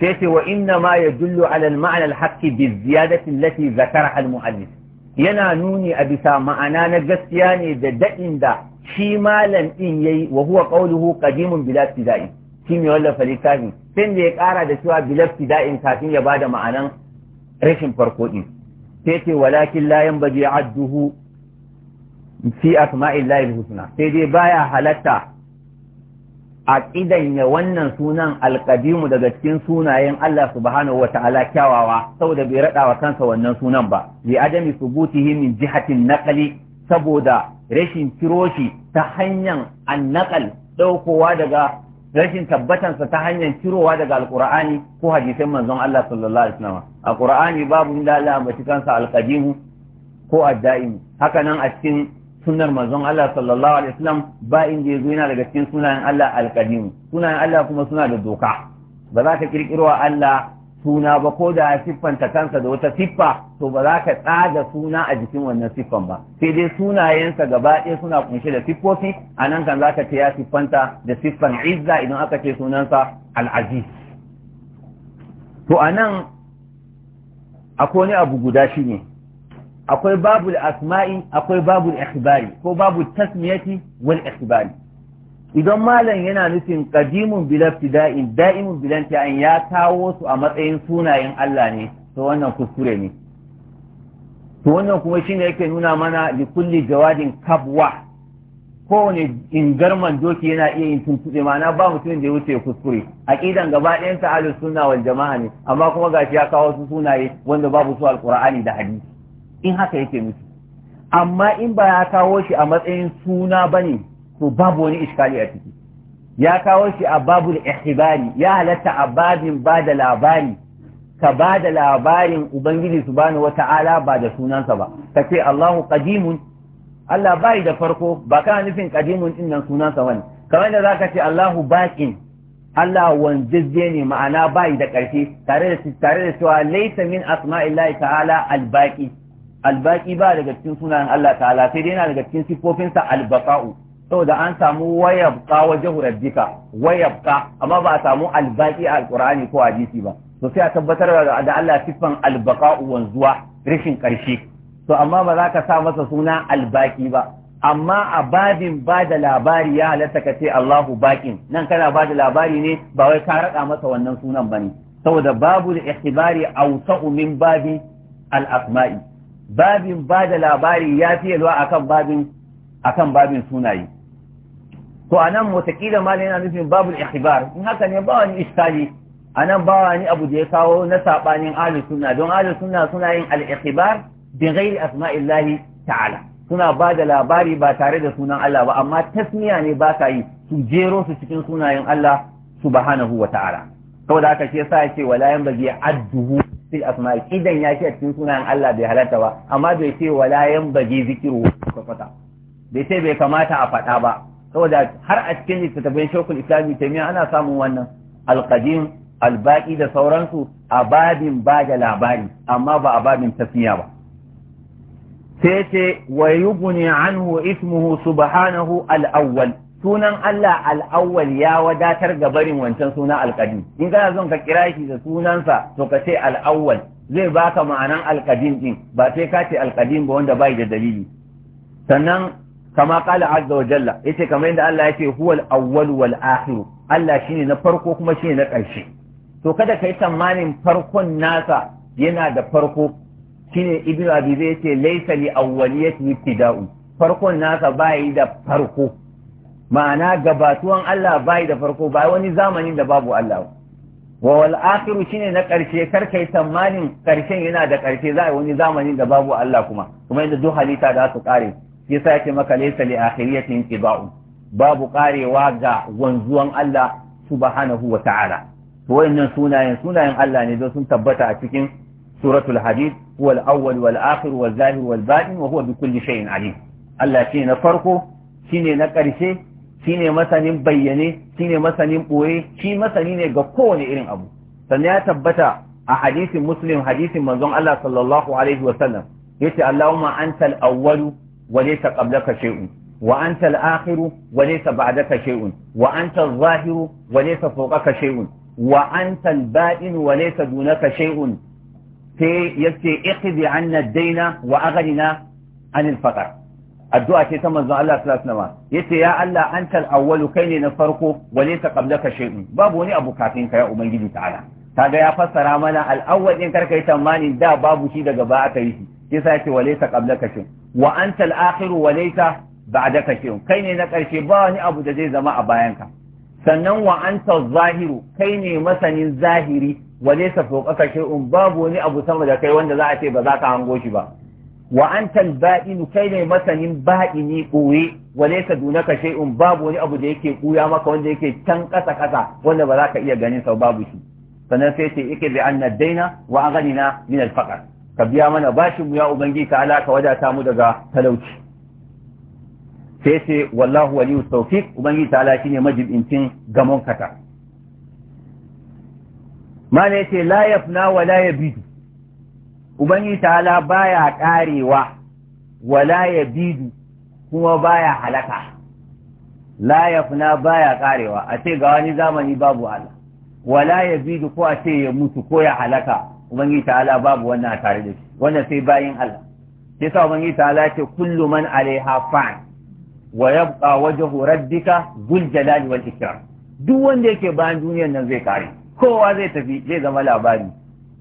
sai ce wa inna ma yadullu ala al-ma'na al-haqqi bi ziyadati allati zakaraha al-mu'allif yana nuni a bisa ma'ana na gaskiya ne da daɗin da shi malam ɗin ya yi wa huwa ƙauluhu ƙadimun bila tida'i shi mai wallafa littafin sai da ya kara da cewa bilafti da'in kafin ya bada ma'anan rashin farko din sai ce walakin la yanbaghi adduhu fi asma'illahi al-husna sai dai baya halatta a ya wannan sunan alkadimu daga cikin sunayen Allah subhanahu wata'ala kyawawa saboda bai raɗawa wa kansa wannan sunan ba li adami subutihi min jihatin naqli saboda rashin ciro shi ta hanyar annaqal ɗaukowa daga rashin tabbatansa ta hanyar cirowa daga alkur'ani ko hadisan manzon Allah sallallahu alaihi wasallam a qur'ani babu inda Allah ambaci kansa alqadim ko addaim haka nan a cikin sunnar manzon Allah sallallahu alaihi wasallam ba inda yazo yana daga cikin sunayen Allah alqadim sunayen Allah kuma suna da doka ba za ka kirkiro Allah suna ba ko da siffanta kansa da wata siffa to ba za ka tsada suna a jikin wannan siffan ba sai dai sunayensa gaba ɗaya suna kunshe da siffofi a nan kan za ka ce ya siffanta da siffan izza idan aka ce sunansa al'aziz to a nan akwai wani abu guda shi ne akwai babul asma'i akwai babul ikhbari ko babul tasmiyati wal ikhbari idan malam yana nufin kadimun bil da'in da'imun bilanti an ya kawo su a matsayin sunayen Allah ne to wannan kuskure ne to wannan kuma shine yake nuna mana li kulli jawadin kabwa kowane ingarman doki yana iya yin tuntuɗe ma'ana ba mutum da ya wuce kuskure aqidan gaba ɗayan ta ahlus sunna wal jama'a ne amma kuma gashi ya kawo su sunaye wanda babu su alqur'ani da hadisi in haka yake nufi amma in ba ya kawo shi a matsayin suna bane to babu wani iskali a ciki ya kawo shi a babul ihtibari ya halatta a babin ba da labari ka ba da labarin ubangiji subhanahu wata'ala ba da sunansa ba ka ce Allahu qadimun Allah bai da farko ba kana nufin qadimun din nan sunansa wani kamar da zaka ce Allahu baqin Allah wanzizze ne ma'ana bai da ƙarfi tare da tare da cewa laysa min asma'illahi ta'ala al-baqi al-baqi ba daga cikin sunan Allah ta'ala sai dai yana daga cikin sifofinsa al-baqa'u saboda an samu wayabka wajhu rabbika wayabka, amma ba a samu albaki a alqur'ani ko hadisi ba to sai a tabbatar da Allah siffan albaka wanzuwa rashin karshe to amma ba za ka sa masa suna albaki ba amma a babin ba da labari ya halatta ka ce Allahu baƙin nan kana ba da labari ne ba wai ka raɗa masa wannan sunan ba ne saboda babu da ikhtibari awsa'u min babi al-asma'i babin ba da labari ya fi yalwa akan babin akan babin sunaye to anan nan watakila ma yana nufin babu ihbar in haka ne ba wani iskali a nan ba wani abu da ya kawo na saɓanin ahli sunna don ahlus sunna suna yin al-ihbar bi ghairi asma'illahi ta'ala suna ba da labari ba tare da sunan Allah ba amma tasmiya ne ba ka yi su jero su cikin sunayen Allah subhanahu wa ta'ala saboda haka shi yasa yake wala yan bagi adduhu fil asma'i idan ya ce a cikin sunayen Allah bai halarta ba amma bai ce wala yan bagi zikiru kwata bai ce bai kamata a faɗa ba saboda har a cikin littattafai shekul islami taimiyya ana samun wannan alƙadim albaƙi da sauransu a babin ba da labari amma ba a babin tafiya ba sai ce wa yuguni anhu ismuhu subhanahu al'awwal sunan Allah al'awwal ya wadatar ga barin wancan suna alƙadim in kana son ka kira shi da sunansa to ka ce al'awwal zai baka ma'anan alƙadim din ba sai ka ce alƙadim ba wanda bai da dalili sannan kama kala azza wa jalla yace kamar yadda Allah yace huwal awwal wal akhir Allah shine na farko kuma shine na ƙarshe to kada kai tsammanin farkon nasa yana da farko shine ibnu abi zai yace laysa li awwaliyati ibtida'u farkon nasa bai da farko ma'ana gabatuwan Allah bai da farko ba wani zamanin da babu Allah wa wal akhiru shine na ƙarshe kar kai tsammanin karshen yana da karshe za a wani zamanin da babu Allah kuma kuma yadda duk halitta da su kare yasa yake maka laysa li akhiriyatin qiba'u babu karewa ga wanzuwan Allah subhanahu wa ta'ala to wayannan sunayen sunayen Allah ne don sun tabbata a cikin suratul hadid huwa al-awwal wal akhir wal zahir wal batin wa huwa bi kulli shay'in alim Allah shine na farko shine na ƙarshe shine masanin bayyane shine masanin boye shi masani ne ga kowane irin abu sannan ya tabbata a hadisin muslim hadisin manzon Allah sallallahu alaihi wa sallam yace Allahumma antal awwalu وليس قبلك شيء وأنت الآخر وليس بعدك شيء وأنت الظاهر وليس فوقك شيء وأنت البائن وليس دونك شيء في يبكي اخذ عنا الدين وأغننا عن الفقر الدعاء تي تمن الله صلى الله عليه وسلم يتي يا الله أنت الأول كيني نفرقه وليس قبلك شيء باب وني أبو كاتينك يا أمي تعالى kaga ya fassara mana al'awwal din karka yi tamanin da babu shi daga ba aka yi ce yake walaysa qablaka shin wa anta al-akhir walaysa da shin kai ne na karshe ba wani abu da zai zama a bayanka sannan wa zahiru kai ne masanin zahiri walaysa fawqaka shay'un babu wani abu sama da kai wanda za a ce ba za ka hango shi ba wa anta al-ba'inu kai ne masanin ba'ini ƙoye walaysa dunaka shay'un babu wani abu da yake ƙuya maka wanda yake can kasa kasa wanda ba za ka iya ganin sa babu shi sannan sai ce yake bi anna daina wa na min al-faqr ka biya mana bashin mu ya ubangi ta ala ka wadata mu daga talauci sai ce wallahu waliyu tawfiq ubangi ta ala shine majibincin gamon kata mana yace la yafna wa la yabidu ubangi ta ala baya karewa wala yabidu kuma baya halaka la yafna baya karewa a ce ga wani zamani babu Allah wala Bidu ko a ce ya mutu ko ya halaka ubangiji ta'ala babu wannan tare da shi wannan sai bayin Allah sai sa ubangiji ta'ala ce kullu man alaiha fa'an wa yabqa wajhu rabbika jalal wal ikram duk wanda yake bayan duniyar nan zai kare kowa zai tafi zai zama labari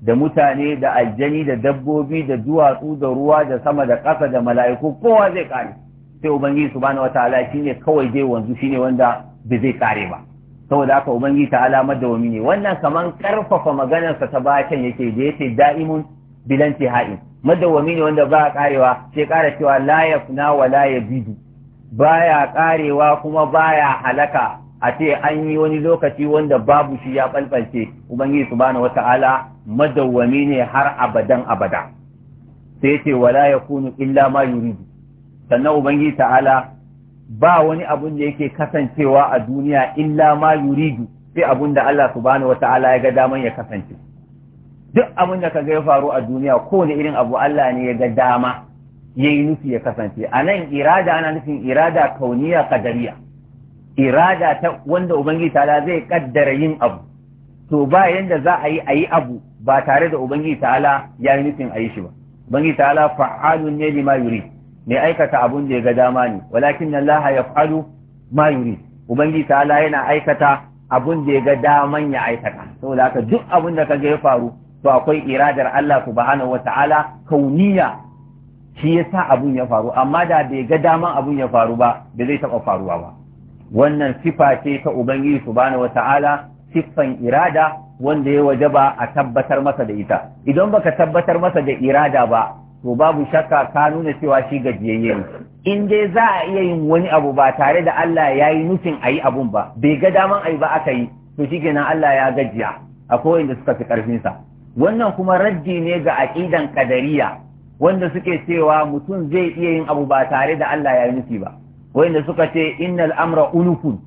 da mutane da aljani da dabbobi da duwatsu da ruwa da sama da ƙasa da mala'iku kowa zai kare sai ubangiji subhanahu wataala shine kawai zai wanzu shine wanda bai zai kare ba saboda haka ubangi ta alamar da ne wannan kaman karfafa maganarsa ta bacan yake da yace da'imun bilanti haɗi. madawami ne wanda ba karewa sai kara cewa la yafna wa la yabidu baya karewa kuma baya halaka a ce an yi wani lokaci wanda babu shi ya balbalce ubangiji subhanahu wata'ala madawami ne har abadan abada sai yace wala yakunu illa ma yuridu sannan ubangiji ta'ala ba wani abun da yake kasancewa a duniya illa ma yuridu sai abun da Allah subhanahu wata'ala ya ga dama ya kasance duk abun da kaga ya faru a duniya kowane irin abu Allah ne ya ga dama ya yi nufi ya kasance a nan irada ana nufin irada kauniya kadariya irada ta wanda ubangiji ta'ala zai kaddara yin abu to ba yanda za a yi a yi abu ba tare da ubangiji ta'ala ya yi nufin a yi shi ba ubangiji ta'ala fa'alun ne lima yuridu mai aikata abun da ya ga dama ne walakin Allah ya falu ma yuri ubangi yana aikata abun da ya ga daman ya aikata saboda haka duk abun da kaga ya faru to akwai iradar Allah subhanahu wata'ala kauniya shi yasa abun ya faru amma da bai ga daman abun ya faru ba da zai taba faruwa ba wannan sifa ce ta ubangiji subhanahu wata'ala siffan irada wanda ya wajaba a tabbatar masa da ita idan baka tabbatar masa da irada ba to babu shakka ka nuna cewa shi gajiyayye ne in dai za a iya yin wani abu ba tare da Allah ya yi nufin a yi abun ba bai ga daman a yi ba aka yi to shi kenan Allah ya gajiya akwai wanda suka fi ƙarfinsa wannan kuma raddi ne ga aƙidan ƙadariya wanda suke cewa mutum zai iya yin abu ba tare da Allah ya yi nufi ba wanda suka ce inna amra unufun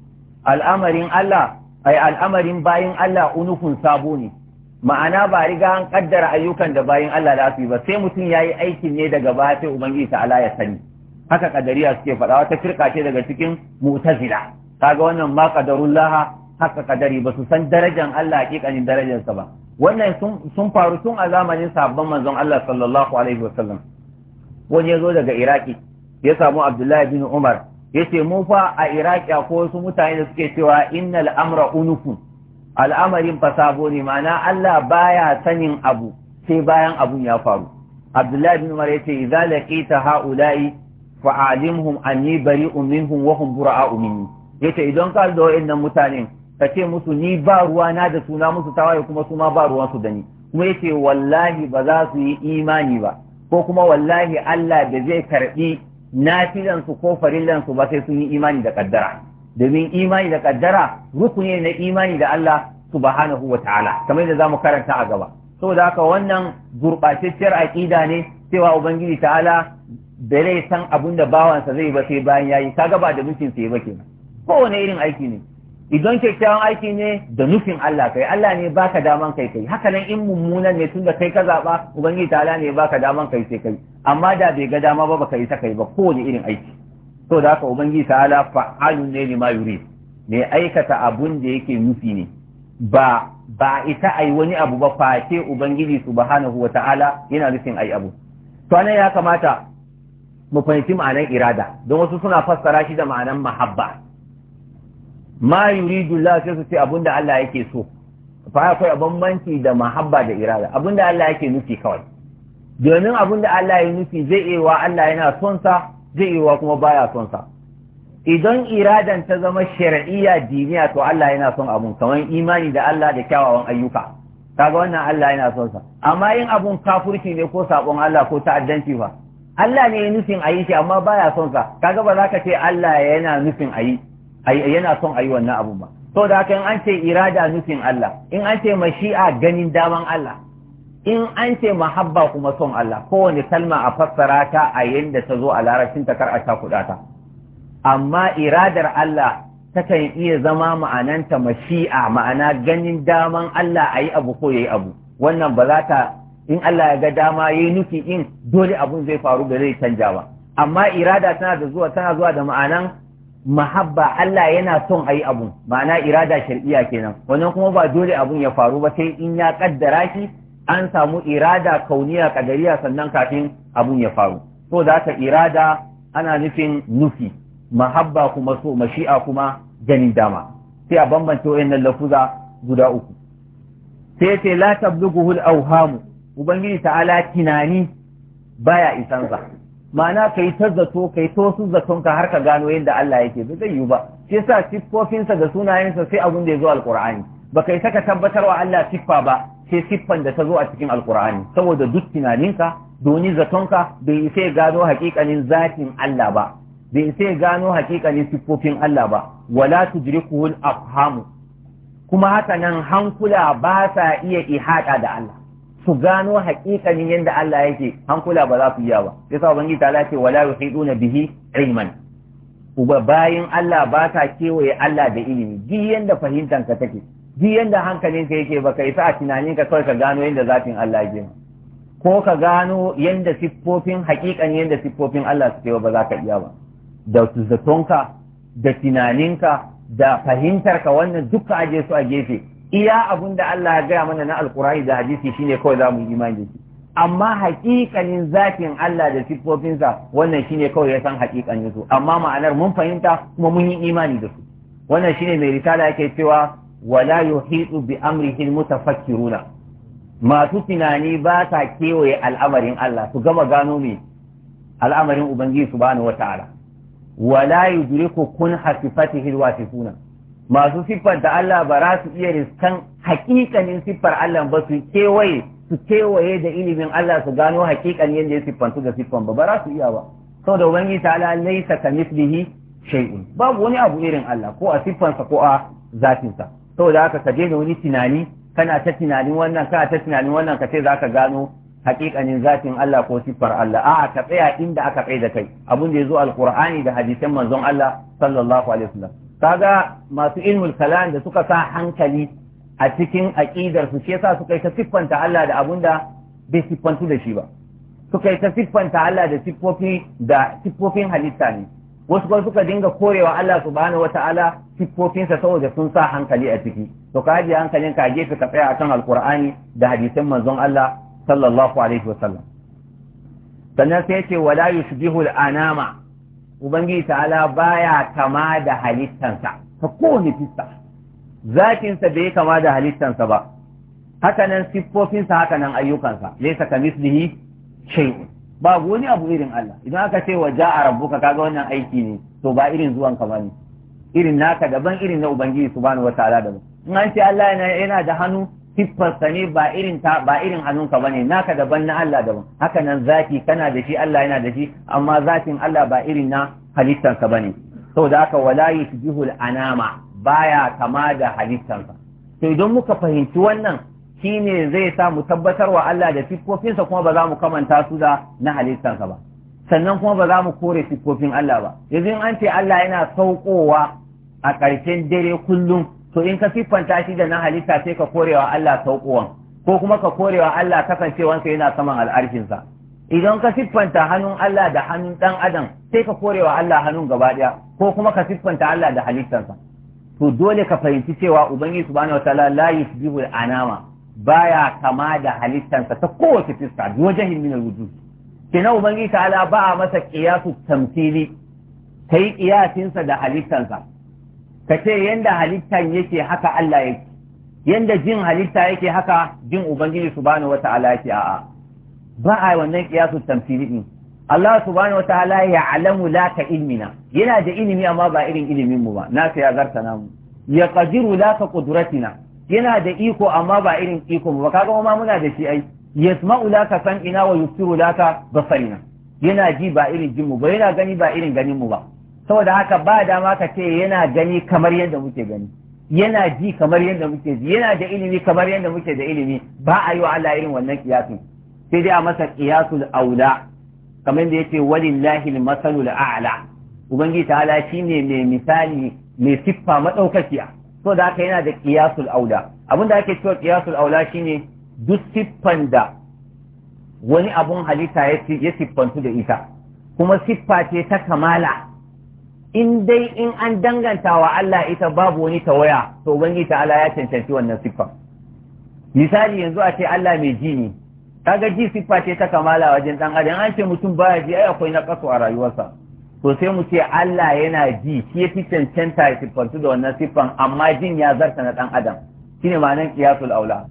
al'amarin Allah ai al'amarin bayin Allah unufun sabo ne ma'ana ba riga an kaddara ayyukan da bayin Allah da su yi ba sai mutum ya yi aikin ne daga baya sai ubangiji ta'ala ya sani haka kadariya suke faɗa wata firka ce daga cikin mu'tazila kaga wannan ma qadarullah haka kadari ba su san darajan Allah hakikanin darajarsa ba wannan sun faru tun a zamanin sabon manzon Allah sallallahu alaihi wasallam wani ya zo daga Iraki ya samu Abdullahi bin Umar ce mu fa a Iraki akwai wasu mutane da suke cewa innal amra unufun al'amarin fasabo ne ma'ana Allah baya sanin abu sai bayan abun ya faru Abdullahi bin Umar yace idza laqita haula'i fa'alimhum anni bari'un minhum wa hum bura'u minni yace idan ka da wayannan mutanen ka ce musu ni ba ruwa na da suna musu tawaye kuma su ma ba ruwan su da ni kuma yace wallahi ba za su yi imani ba ko kuma wallahi Allah da zai karbi nafilan su ko farillan su ba sai sun yi imani da kaddara domin imani da kaddara rukuni na imani da Allah subhanahu wa ta'ala kamar da zamu karanta a gaba saboda haka wannan gurbatacciyar aqida ne cewa ubangiji ta'ala bai san abin da bawansa zai ba sai bayan yayi kaga ba da nufin sai ba kenan kowane irin aiki ne idan kyakkyawan aiki ne da nufin Allah kai Allah ne baka daman kai kai haka nan in mummunan ne tunda kai ka zaba ubangiji ta'ala ne baka daman kai sai kai amma da bai ga dama ba baka yi ta kai ba kowane irin aiki so da haka ubangiji ta'ala fa'alun ne lima yuri ne aikata abun da yake nufi ne ba ba ita ai wani abu ba face ubangiji subhanahu ta'ala yana nufin ai abu to anan ya kamata mu fahimci ma'anar irada don wasu suna fassara shi da ma'anar mahabba ma yuridu Allah sai su ce abun da Allah yake so fa akwai bambanci da mahabba da irada abun da Allah yake nufi kawai domin abun da Allah ya nufi zai iya wa Allah yana son sa zai yiwa kuma baya son sa idan iradan ta zama shar'iyya diniya to Allah yana son abun kamar imani da Allah da kyawawan ayyuka kaga wannan Allah yana son sa amma in abun kafirci ne ko sabon Allah ko ta'addanci fa. Allah ne ya nufin ayi shi amma baya son sa kaga ba za ka ce Allah yana nufin ayi yana son ayi wannan abun ba to da haka in an ce irada nufin Allah in an ce mashi'a ganin daman Allah in an ce mahabba kuma son Allah kowane kalma a fassara ta a yadda ta zo a larabcin ta kar a ta kuɗa ta amma iradar Allah takan iya zama ma'ananta mashi'a ma'ana ganin daman Allah a yi abu ko ya yi abu wannan ba za ta in Allah ya ga dama ya yi nufi in dole abun zai faru da zai canja ba amma irada tana da zuwa tana zuwa da ma'anan mahabba Allah yana son a yi abun ma'ana irada shar'iyya kenan wannan kuma ba dole abun ya faru ba sai in ya kaddara shi an samu irada kauniya kadariya sannan kafin abun ya faru to da ka irada ana nufin nufi mahabba kuma so mashi'a kuma ganin dama sai a bambance wayannan lafuza guda uku sai ce la tablughu awhamu ubangiji ta'ala tunani baya isansa ma'ana kai ta zato kai to su zaton ka har ka gano yadda Allah yake ba zai yi ba shi yasa siffofinsa da sunayensa sai abun da ya zo alqur'ani ba ka kai saka tabbatarwa Allah siffa ba sai siffan da ta zo a cikin alkur'ani saboda duk tunaninka doni zatonka bai sai gano hakikanin zatin Allah ba bai sai gano hakikanin siffofin Allah ba wala tudrikuhu al-afhamu kuma haka nan hankula ba sa iya ihada da Allah su gano hakikanin yadda Allah yake hankula ba za su iya ba yasa ubangiji ta ce wala yuhiduna bihi ilman uba bayin Allah ba sa kewaye Allah da ilimi duk yanda fahimtanka take duk yanda hankalinka yake baka isa a tunaninka kawai ka gano yanda zafin Allah yake ko ka gano yanda siffofin hakikan yanda siffofin Allah suke ba za ka iya ba da zatonka da tunaninka da fahimtarka wannan duka aje su a gefe iya abun da Allah ya gaya mana na alkurani da hadisi shine kawai za mu imani shi amma hakikanin zatin Allah da siffofinsa wannan shine kawai ya san hakikanin su amma ma'anar mun fahimta kuma mun yi imani da su wannan shine mai risala yake cewa wala yuhitu bi amrihi mutafakkiruna masu tunani ba ta kewaye al'amarin Allah su gama gano me al'amarin ubangiji subhanahu wata'ala wala yudriku kun hasifatihi alwasifuna masu siffar da Allah ba za su iya riskan hakikanin siffar Allah ba su kewaye da ilimin Allah su gano hakikan yadda ya siffantu da siffan ba ba za su iya ba saboda ubangiji ta'ala laysa kamithlihi shay'un babu wani abu irin Allah ko a siffansa ko a zafinsa. saboda haka ka daina wani tunani kana ta tunanin wannan kana ta tunanin wannan ka ce za ka gano haƙiƙanin zafin Allah ko siffar Allah a'a ka tsaya inda aka tsaye da kai abin da ya zo alqur'ani da hadisan manzon Allah sallallahu alaihi wasallam kaga masu ilmul kalam da suka sa hankali a cikin aqidar su shi yasa suka yi ta siffanta Allah da abin da bai siffantu da shi ba suka yi ta siffanta Allah da siffofi da siffofin halitta ne wasu kuma suka dinga korewa Allah subhanahu wata'ala siffofinsa saboda sun sa hankali a ciki to ka ajiye hankalin ka gefe ka tsaya akan alkur'ani da hadisin manzon Allah sallallahu alaihi wasallam sannan sai yace wala yushbihu anama ubangiji ta'ala baya kama da halittansa ta kowane fista zakinsa bai kama da halittansa ba hakanan siffofinsa hakanan ayyukansa laysa kamislihi shay'un babu wani abu irin Allah idan aka ce wa ja'a rabbuka kaga wannan aiki ne to ba irin zuwan ka bane irin naka daban irin na ubangiji subhanahu wataala daban in an ce Allah yana da hannu siffarsa ne ba irin ta ba irin hannunka bane naka daban na Allah daban haka nan zaki kana da shi Allah yana da shi amma zakin Allah ba irin na halittanka bane saboda haka wala yusbihul anama baya kama da halittanka to idan muka fahimci wannan Shi ne zai sa mu tabbatar wa Allah da siffofinsa kuma ba za mu kamanta su da na halittarsa ba sannan kuma ba za mu kore siffofin Allah ba yanzu an ce Allah yana saukowa a ƙarshen dare kullum to in ka siffanta shi da na halitta sai ka wa Allah saukowan ko kuma ka wa Allah kasancewansa yana saman al'arshinsa idan ka siffanta hannun Allah da hannun ɗan adam sai ka korewa Allah hannun gaba ɗaya ko kuma ka siffanta Allah da halittarsa to dole ka fahimci cewa ubangiji subhanahu wataala la yusbihu anama baya kama da halittansa ta kowace fiska wajahin min alwujud kenan ubangi ala ba a masa qiyasu tamthili kai qiyasinsa da halittansa kace yanda halittan yake haka Allah yake yanda jin halitta yake haka jin ubangiji subhanahu wata'ala yake a'a ba a wannan qiyasu tamthili din Allah subhanahu wata'ala ya alamu la ka ilmina yana da ilimi amma ba irin ilimin mu ba na ya zarta namu ya qadiru la ka qudratina yana da iko amma ba irin iko ba kaga ma muna da shi ai yasma'u laka san ina wa yusiru laka basarina yana ji ba irin jinmu ba yana gani ba irin ganin mu ba saboda haka ba dama ka ce yana gani kamar yadda muke gani yana ji kamar yadda muke ji yana da ilimi kamar yadda muke da ilimi ba a yi wa Allah irin wannan kiyasin sai dai a masa kiyasul aula kamar da yake walillahi masalul a'la ubangiji ta'ala shine mai misali mai siffa madaukakiya so da haka yana da kiyasul aula abin da ake cewa kiyasul aula shine duk siffan da wani abun halitta ya siffantu da ita kuma siffa ce ta kamala in dai in an danganta wa Allah ita babu wani tawaya to ta ta'ala ya cancanci wannan siffa misali yanzu a ce Allah mai ji ne kaga ji siffa ce ta kamala wajen dan adam an ce mutum baya ji ai akwai na kaso a rayuwarsa to sai mu ce Allah yana ji shi ya fi cancanta ya siffantu da wannan siffan amma jin ya zarta na ɗan adam Shi ne ma'anar qiyasul aula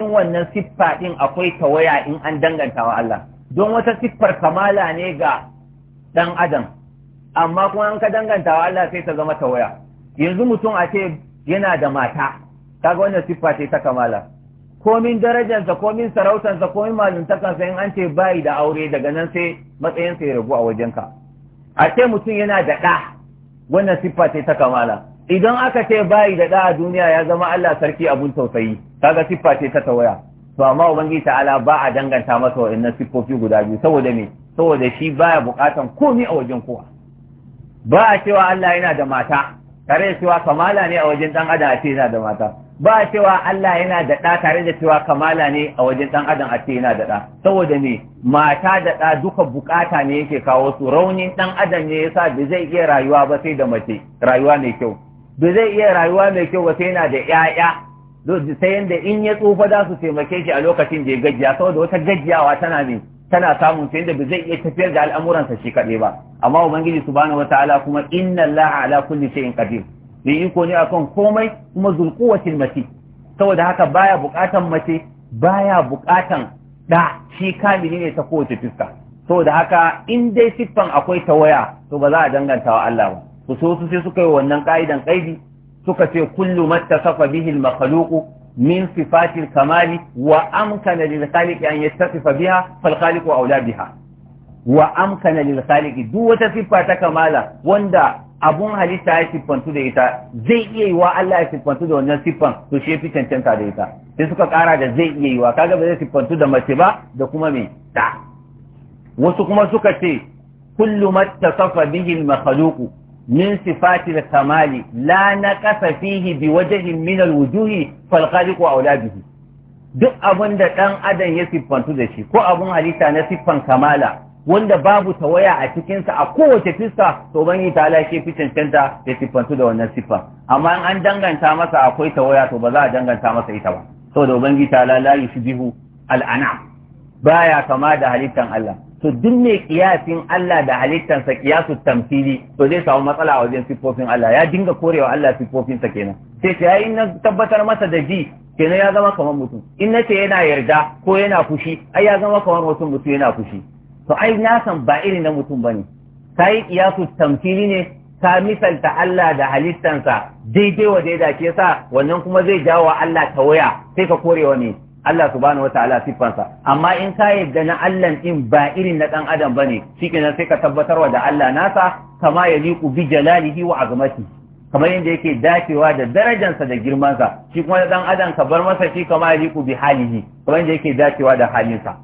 in wannan siffa ɗin akwai tawaya in an danganta wa Allah don wata siffar kamala ne ga ɗan adam amma kuma an ka danganta wa Allah sai ta zama tawaya yanzu mutum a ce yana da mata kaga wannan siffa ce ta kamala komin min komin ko komin maluntakarsa in an ce bayi da aure daga nan sai matsayinsa ya rabu a wajenka a ce mutum yana da ɗa wannan siffa ce ta kamala idan aka ce bayi da ɗa a duniya ya zama Allah sarki abun tausayi kaga siffa ce ta tawaya to amma ubangiji ta'ala ba a danganta masa wa'annan siffofi guda biyu saboda me saboda shi baya bukatan komi a wajen kowa ba a cewa Allah yana da mata tare da cewa kamala ne a wajen dan adam a ce yana da mata ba cewa Allah yana da ɗa tare da cewa kamala ne a wajen ɗan adam a ce yana da ɗa saboda ne mata da ɗa duka bukata ne yake kawo su raunin ɗan adam ne yasa ba zai iya rayuwa ba sai da mace rayuwa mai kyau Ba zai iya rayuwa mai kyau ba sai yana da ƴaƴa sai yanda in ya tsufa za su taimake shi a lokacin da ya gajiya saboda wata gajiyawa tana ne tana samun sai da ba zai iya tafiyar da al'amuransa shi kaɗai ba amma ubangiji subhanahu wataala kuma inna allaha ala kulli shay'in qadir mai iko ne akan komai kuma zulquwatil mati saboda haka baya bukatan mace baya bukatan da shi kamili ne ta kowace fuska saboda haka in dai siffan akwai ta waya to ba za a danganta wa Allah ba ku so su sai suka yi wannan ka'idan kaidi suka ce kullu mattasafa bihi al min sifati al-kamali wa amkana lil khaliq an yattasifa biha fal a aula biha wa amkana lil khaliq duk wata siffa ta kamala wanda abun halitta ya siffantu da ita zai iya yi wa Allah ya siffantu da wannan siffan to shi fi cancanta da ita sai suka kara da zai iya yi wa kaga ba zai siffantu da mace ba da kuma me da wasu kuma suka ce kullu tasaffa bihi al-makhluqu min sifati al-kamali la naqasa fihi bi wajhin min al-wujuhi fal khaliqu aula bihi duk abun da dan adam ya siffantu da shi ko abun halitta na siffan kamala wanda babu tawaya a cikinsa a kowace fista to bangi ta ke fi cancanta ya siffantu da wannan siffan amma in an danganta masa akwai tawaya to ba za a danganta masa ita ba saboda ubangi ta la bihu al'ana baya kama da halittan Allah to duk mai kiyasin Allah da halittan sa kiyasu tamfili to zai samu matsala a wajen siffofin Allah ya dinga korewa Allah siffofinsa kenan sai sai in na tabbatar masa da ji kenan ya zama kamar mutum in nace yana yarda ko yana fushi ai ya zama kamar mutum mutum yana fushi to ai na san ba irin na mutum bane kai kiyasu tamthili ne ka misalta Allah da halittansa daidai wa daida ke sa wannan kuma zai jawo Allah ta waya sai ka korewa ne Allah subhanahu wa ta'ala siffansa amma in ka yadda na Allah din ba irin na dan adam bane shikenan sai ka tabbatarwa da Allah nasa kama ya bi jalalihi wa azmatihi kamar yadda yake dacewa da darajansa da girmansa shi kuma dan adam ka bar masa shi kama ya liku bi halihi kamar yadda yake dacewa da halinsa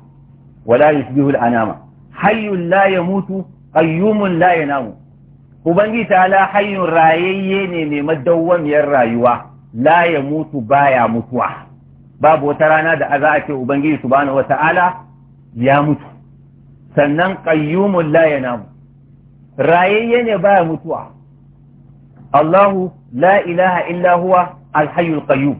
wala yusbihu al-anama hayyun la ya mutu qayyumun la ya namu ubangiji ala hayyun rayayye ne mai madawwamiyar rayuwa la ya mutu baya mutuwa babu wata rana da za a ce ubangiji subhanahu wata'ala ya mutu sannan qayyumun la ya namu rayayye ne baya mutuwa Allahu la ilaha illa huwa alhayyul qayyum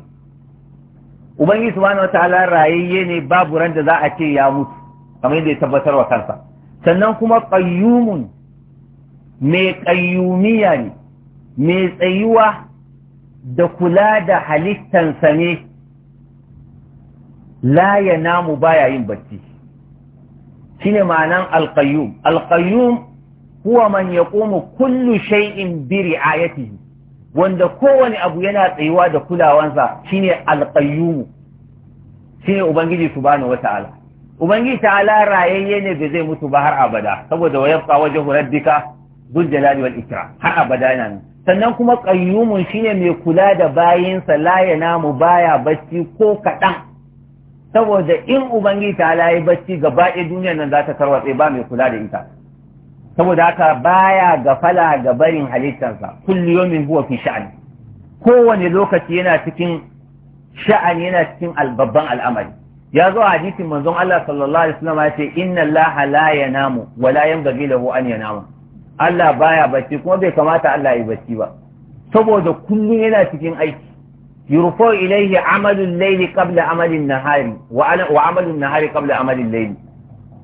ubangiji subhanahu wata'ala rayayye ne babu ran da za a ce ya mutu kamar yadda ya tabbatar wa kansa sannan kuma ƙayyumun mai ƙayyumiya ne mai tsayuwa da kula da halittansa ne laye namu baya yin bacci ne ma'anan alƙayyum alƙayyum kuwa man ya ƙomo kullu shay'in biri ri'ayatihi wanda kowane abu yana tsayuwa da kulawansa shi ne alƙayyumu Shi ne ubangiji su wata wata'ala ubangiji ala rayayye ne da zai mutu ba har abada saboda wa yabqa wajhu rabbika dhul jalali wal ikram har abada nan sannan kuma qayyumun shine mai kula da sa la yanamu baya bacci ko kadan saboda in ubangiji ala yi bacci gaba ɗaya duniyar nan za ta tarwatse ba mai kula da ita saboda haka baya gafala ga barin halittarsa kulli yawmin huwa fi sha'ani kowane lokaci yana cikin sha'ani yana cikin albabban al'amari ya zo a hadisin manzon Allah sallallahu alaihi wasallam ya ce inna Allah la yanamu wa la yanbaghi lahu an yanama Allah baya bacci kuma bai kamata Allah ya bacci ba saboda kullum yana cikin aiki yurfo ilaihi amalul laili qabla amalin nahari wa amalun nahari qabla amalin laili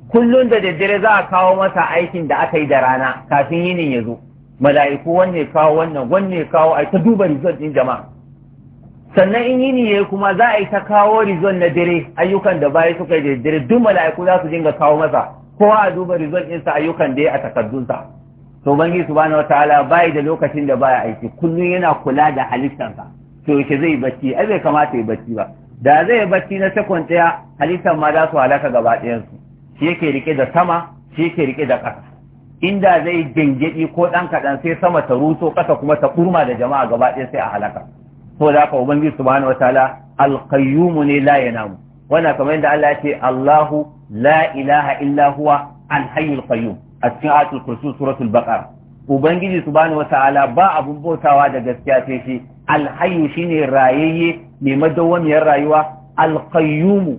kullum da daddare za a kawo masa aikin da aka yi da rana kafin yinin ya zo mala'iku wanne kawo wannan wanne kawo ai ta duba result din jama'a sannan in yini ya kuma za a yi ta kawo rizon na dare ayyukan da bayi suka yi da dare duk mala'iku za su dinga kawo masa ko a duba rizon ɗinsa ayyukan da ya a takardunsa to bangi subhanahu wataala bayi da lokacin da baya aiki kullum yana kula da halittarsa to yake zai bacci ai bai kamata ya bacci ba da zai yi bacci na sakon ɗaya halittan ma za su halaka gaba ɗayansu shi yake rike da sama shi yake rike da ƙasa inda zai gengedi ko ɗan kaɗan sai sama ta ruso ƙasa kuma ta kurma da jama'a gaba ɗaya sai a halaka saboda haka ubangiji subhanahu wataala alqayyum ne la yanamu wannan kamar yadda Allah ya ce Allahu la ilaha illa huwa alhayyul qayyum a cikin ayatul kursi suratul baqara ubangiji subhanahu wataala ba abun bautawa da gaskiya sai shi alhayyu shine rayayye mai madawwamiyar rayuwa alqayyum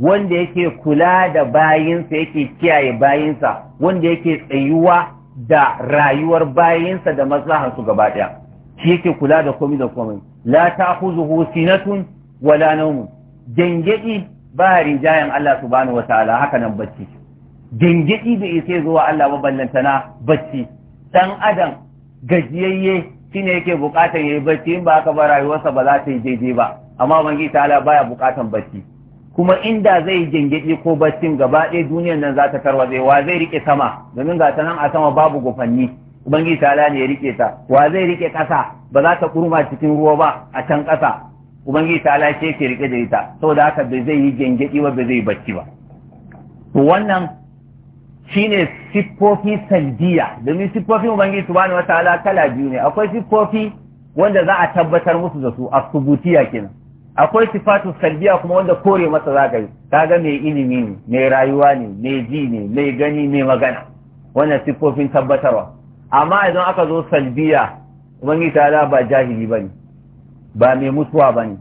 wanda yake kula da bayinsa yake kiyaye bayinsa wanda yake tsayuwa da rayuwar bayinsa da maslahansu gaba ɗaya shi yake kula da komai da komai la ta'khuzuhu sinatun wala nawm gengedi ba rijayan Allah subhanahu wataala haka nan bacci gengedi da yake zuwa Allah ba ballantana bacci dan adam gajiyayye shine yake bukatar yayi bacci in ba haka ba rayuwarsa ba za ta yi daidai ba amma ta ta'ala baya bukatan bacci kuma inda zai gengedi ko baccin gaba ɗaya duniyar nan za ta tarwatse wa zai rike sama domin ga ta nan a sama babu gufanni ubangiji ta'ala ne ya rike ta wa zai rike ƙasa? ba za ta kurma cikin ruwa ba a can ƙasa. ubangiji ta'ala ce ke rike da ita saboda haka zai yi gengedi ba bai zai bacci ba to wannan ne siffofi sandiya domin siffofin ubangiji su bani wata ala kala biyu ne akwai siffofi wanda za a tabbatar musu da su a subutiya kenan akwai sifatu salbiya kuma wanda kore masa za ka yi kaga mai ilimi ne mai rayuwa ne mai ji ne mai gani mai magana wannan siffofin tabbatarwa amma idan aka zo salbiya ubangiji tara ba jahili ba ne, ba mai mutuwa ba ne,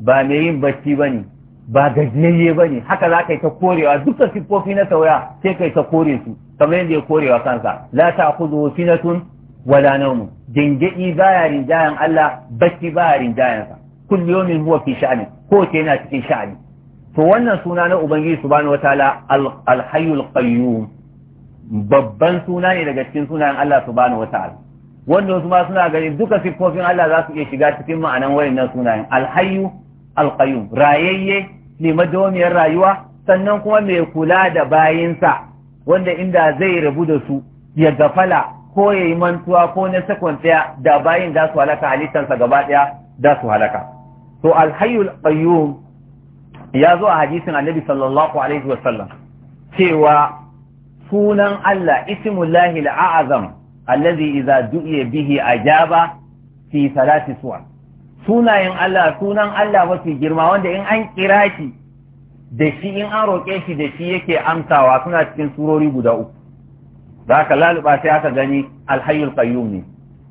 ba mai yin bacci ba ne, ba gajiyayye ne, haka za ka yi ta korewa dukkan siffofi na tauya sai kai ta kore su kamar yadda ya korewa kansa la ta'khudhu sinatun wala nawm ba baya rinjayen Allah bacci baya ya sa Kulli yawmin huwa fi sha'ani ko ce yana cikin sha'ani to wannan suna na ubangiji subhanahu wataala al-hayyul qayyum babban suna ne daga cikin sunayen Allah subhanahu wata'ala wanda wasu ma suna gani duka siffofin Allah za su iya shiga cikin ma'anan wayannan sunayen alhayyu alqayyum rayayye ne madomiyar rayuwa sannan kuma mai kula da bayinsa wanda inda zai rabu da su ya gafala ko ya yi mantuwa ko na sakon ɗaya da bayin za su halaka halittarsa gaba ɗaya za su halaka to alhayyul qayyum ya zo a hadisin annabi sallallahu alaihi sallam cewa sunan Allah ismullahi al'azam allazi idza du'iya bihi ajaba fi salati suwa sunayen Allah sunan Allah mafi girma wanda in an kira shi da shi in an roƙe shi da shi yake amsawa suna cikin surori guda uku za ka laluba sai aka gani alhayyul qayyum ne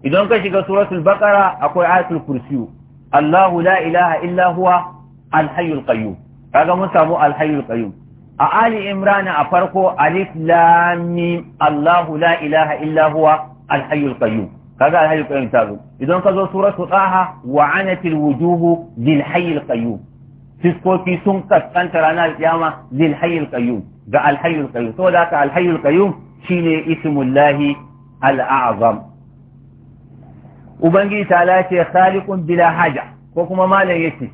idan ka shiga suratul baqara akwai ayatul kursiyu Allahu la ilaha illa huwa alhayyul qayyum kaga mun samu alhayyul qayyum a ali imran a farko alif lam mim allah la ilaha illa huwa al hayyul qayyum kaga al hayyul qayyum tazo idan ka zo suratu taha wa anatil wujuhu lil hayyul qayyum fiskoki sun kaskanta ranar kiyama lil hayyul qayyum ga al hayyul qayyum saboda haka al hayyul qayyum shine ismullahi al a'zam ubangiji ta lace khaliqun bila haja ko kuma malam yace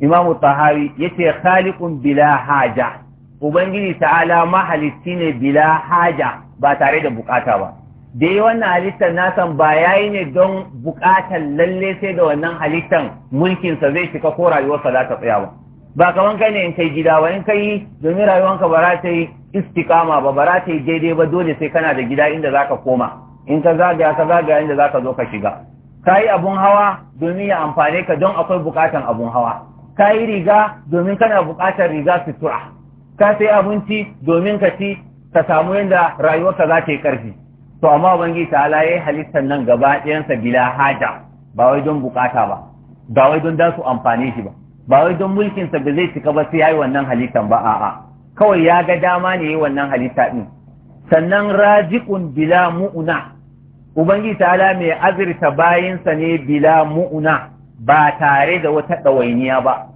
imamu tahawi yace khaliqun bila haja ubangiji ta'ala mahalitti ne bila haja ba tare da bukata ba da yi wannan halittar nasan ba ya yi ne don bukatar lalle sai da wannan halittar mulkinsa zai shiga ko rayuwarsa za ta tsaya ba ba kaman kai ne in kai gida ba in kai domin rayuwanka ba za ta yi istikama ba ba za ta yi daidai ba dole sai kana da gida inda za ka koma in ka zagaya ka zagaya inda za ka zo ka shiga ka yi abun hawa domin ya amfane ka don akwai bukatan abun hawa ka yi riga domin kana bukatar riga sutura ka sai abinci domin ka ci ka samu yadda rayuwarka za ta yi ƙarfi to amma ubangi ta ala ya halittar nan gaba ɗayansa bila haja ba wai don bukata ba ba wai don dan su amfani shi ba ba wai don mulkinsa ba zai cika ba sai ya yi wannan halittar ba a'a kawai ya ga dama ne ya yi wannan halitta ɗin sannan raji'un bila mu'una ubangi ta ala mai azirta bayinsa ne bila mu'una ba tare da wata ɗawainiya ba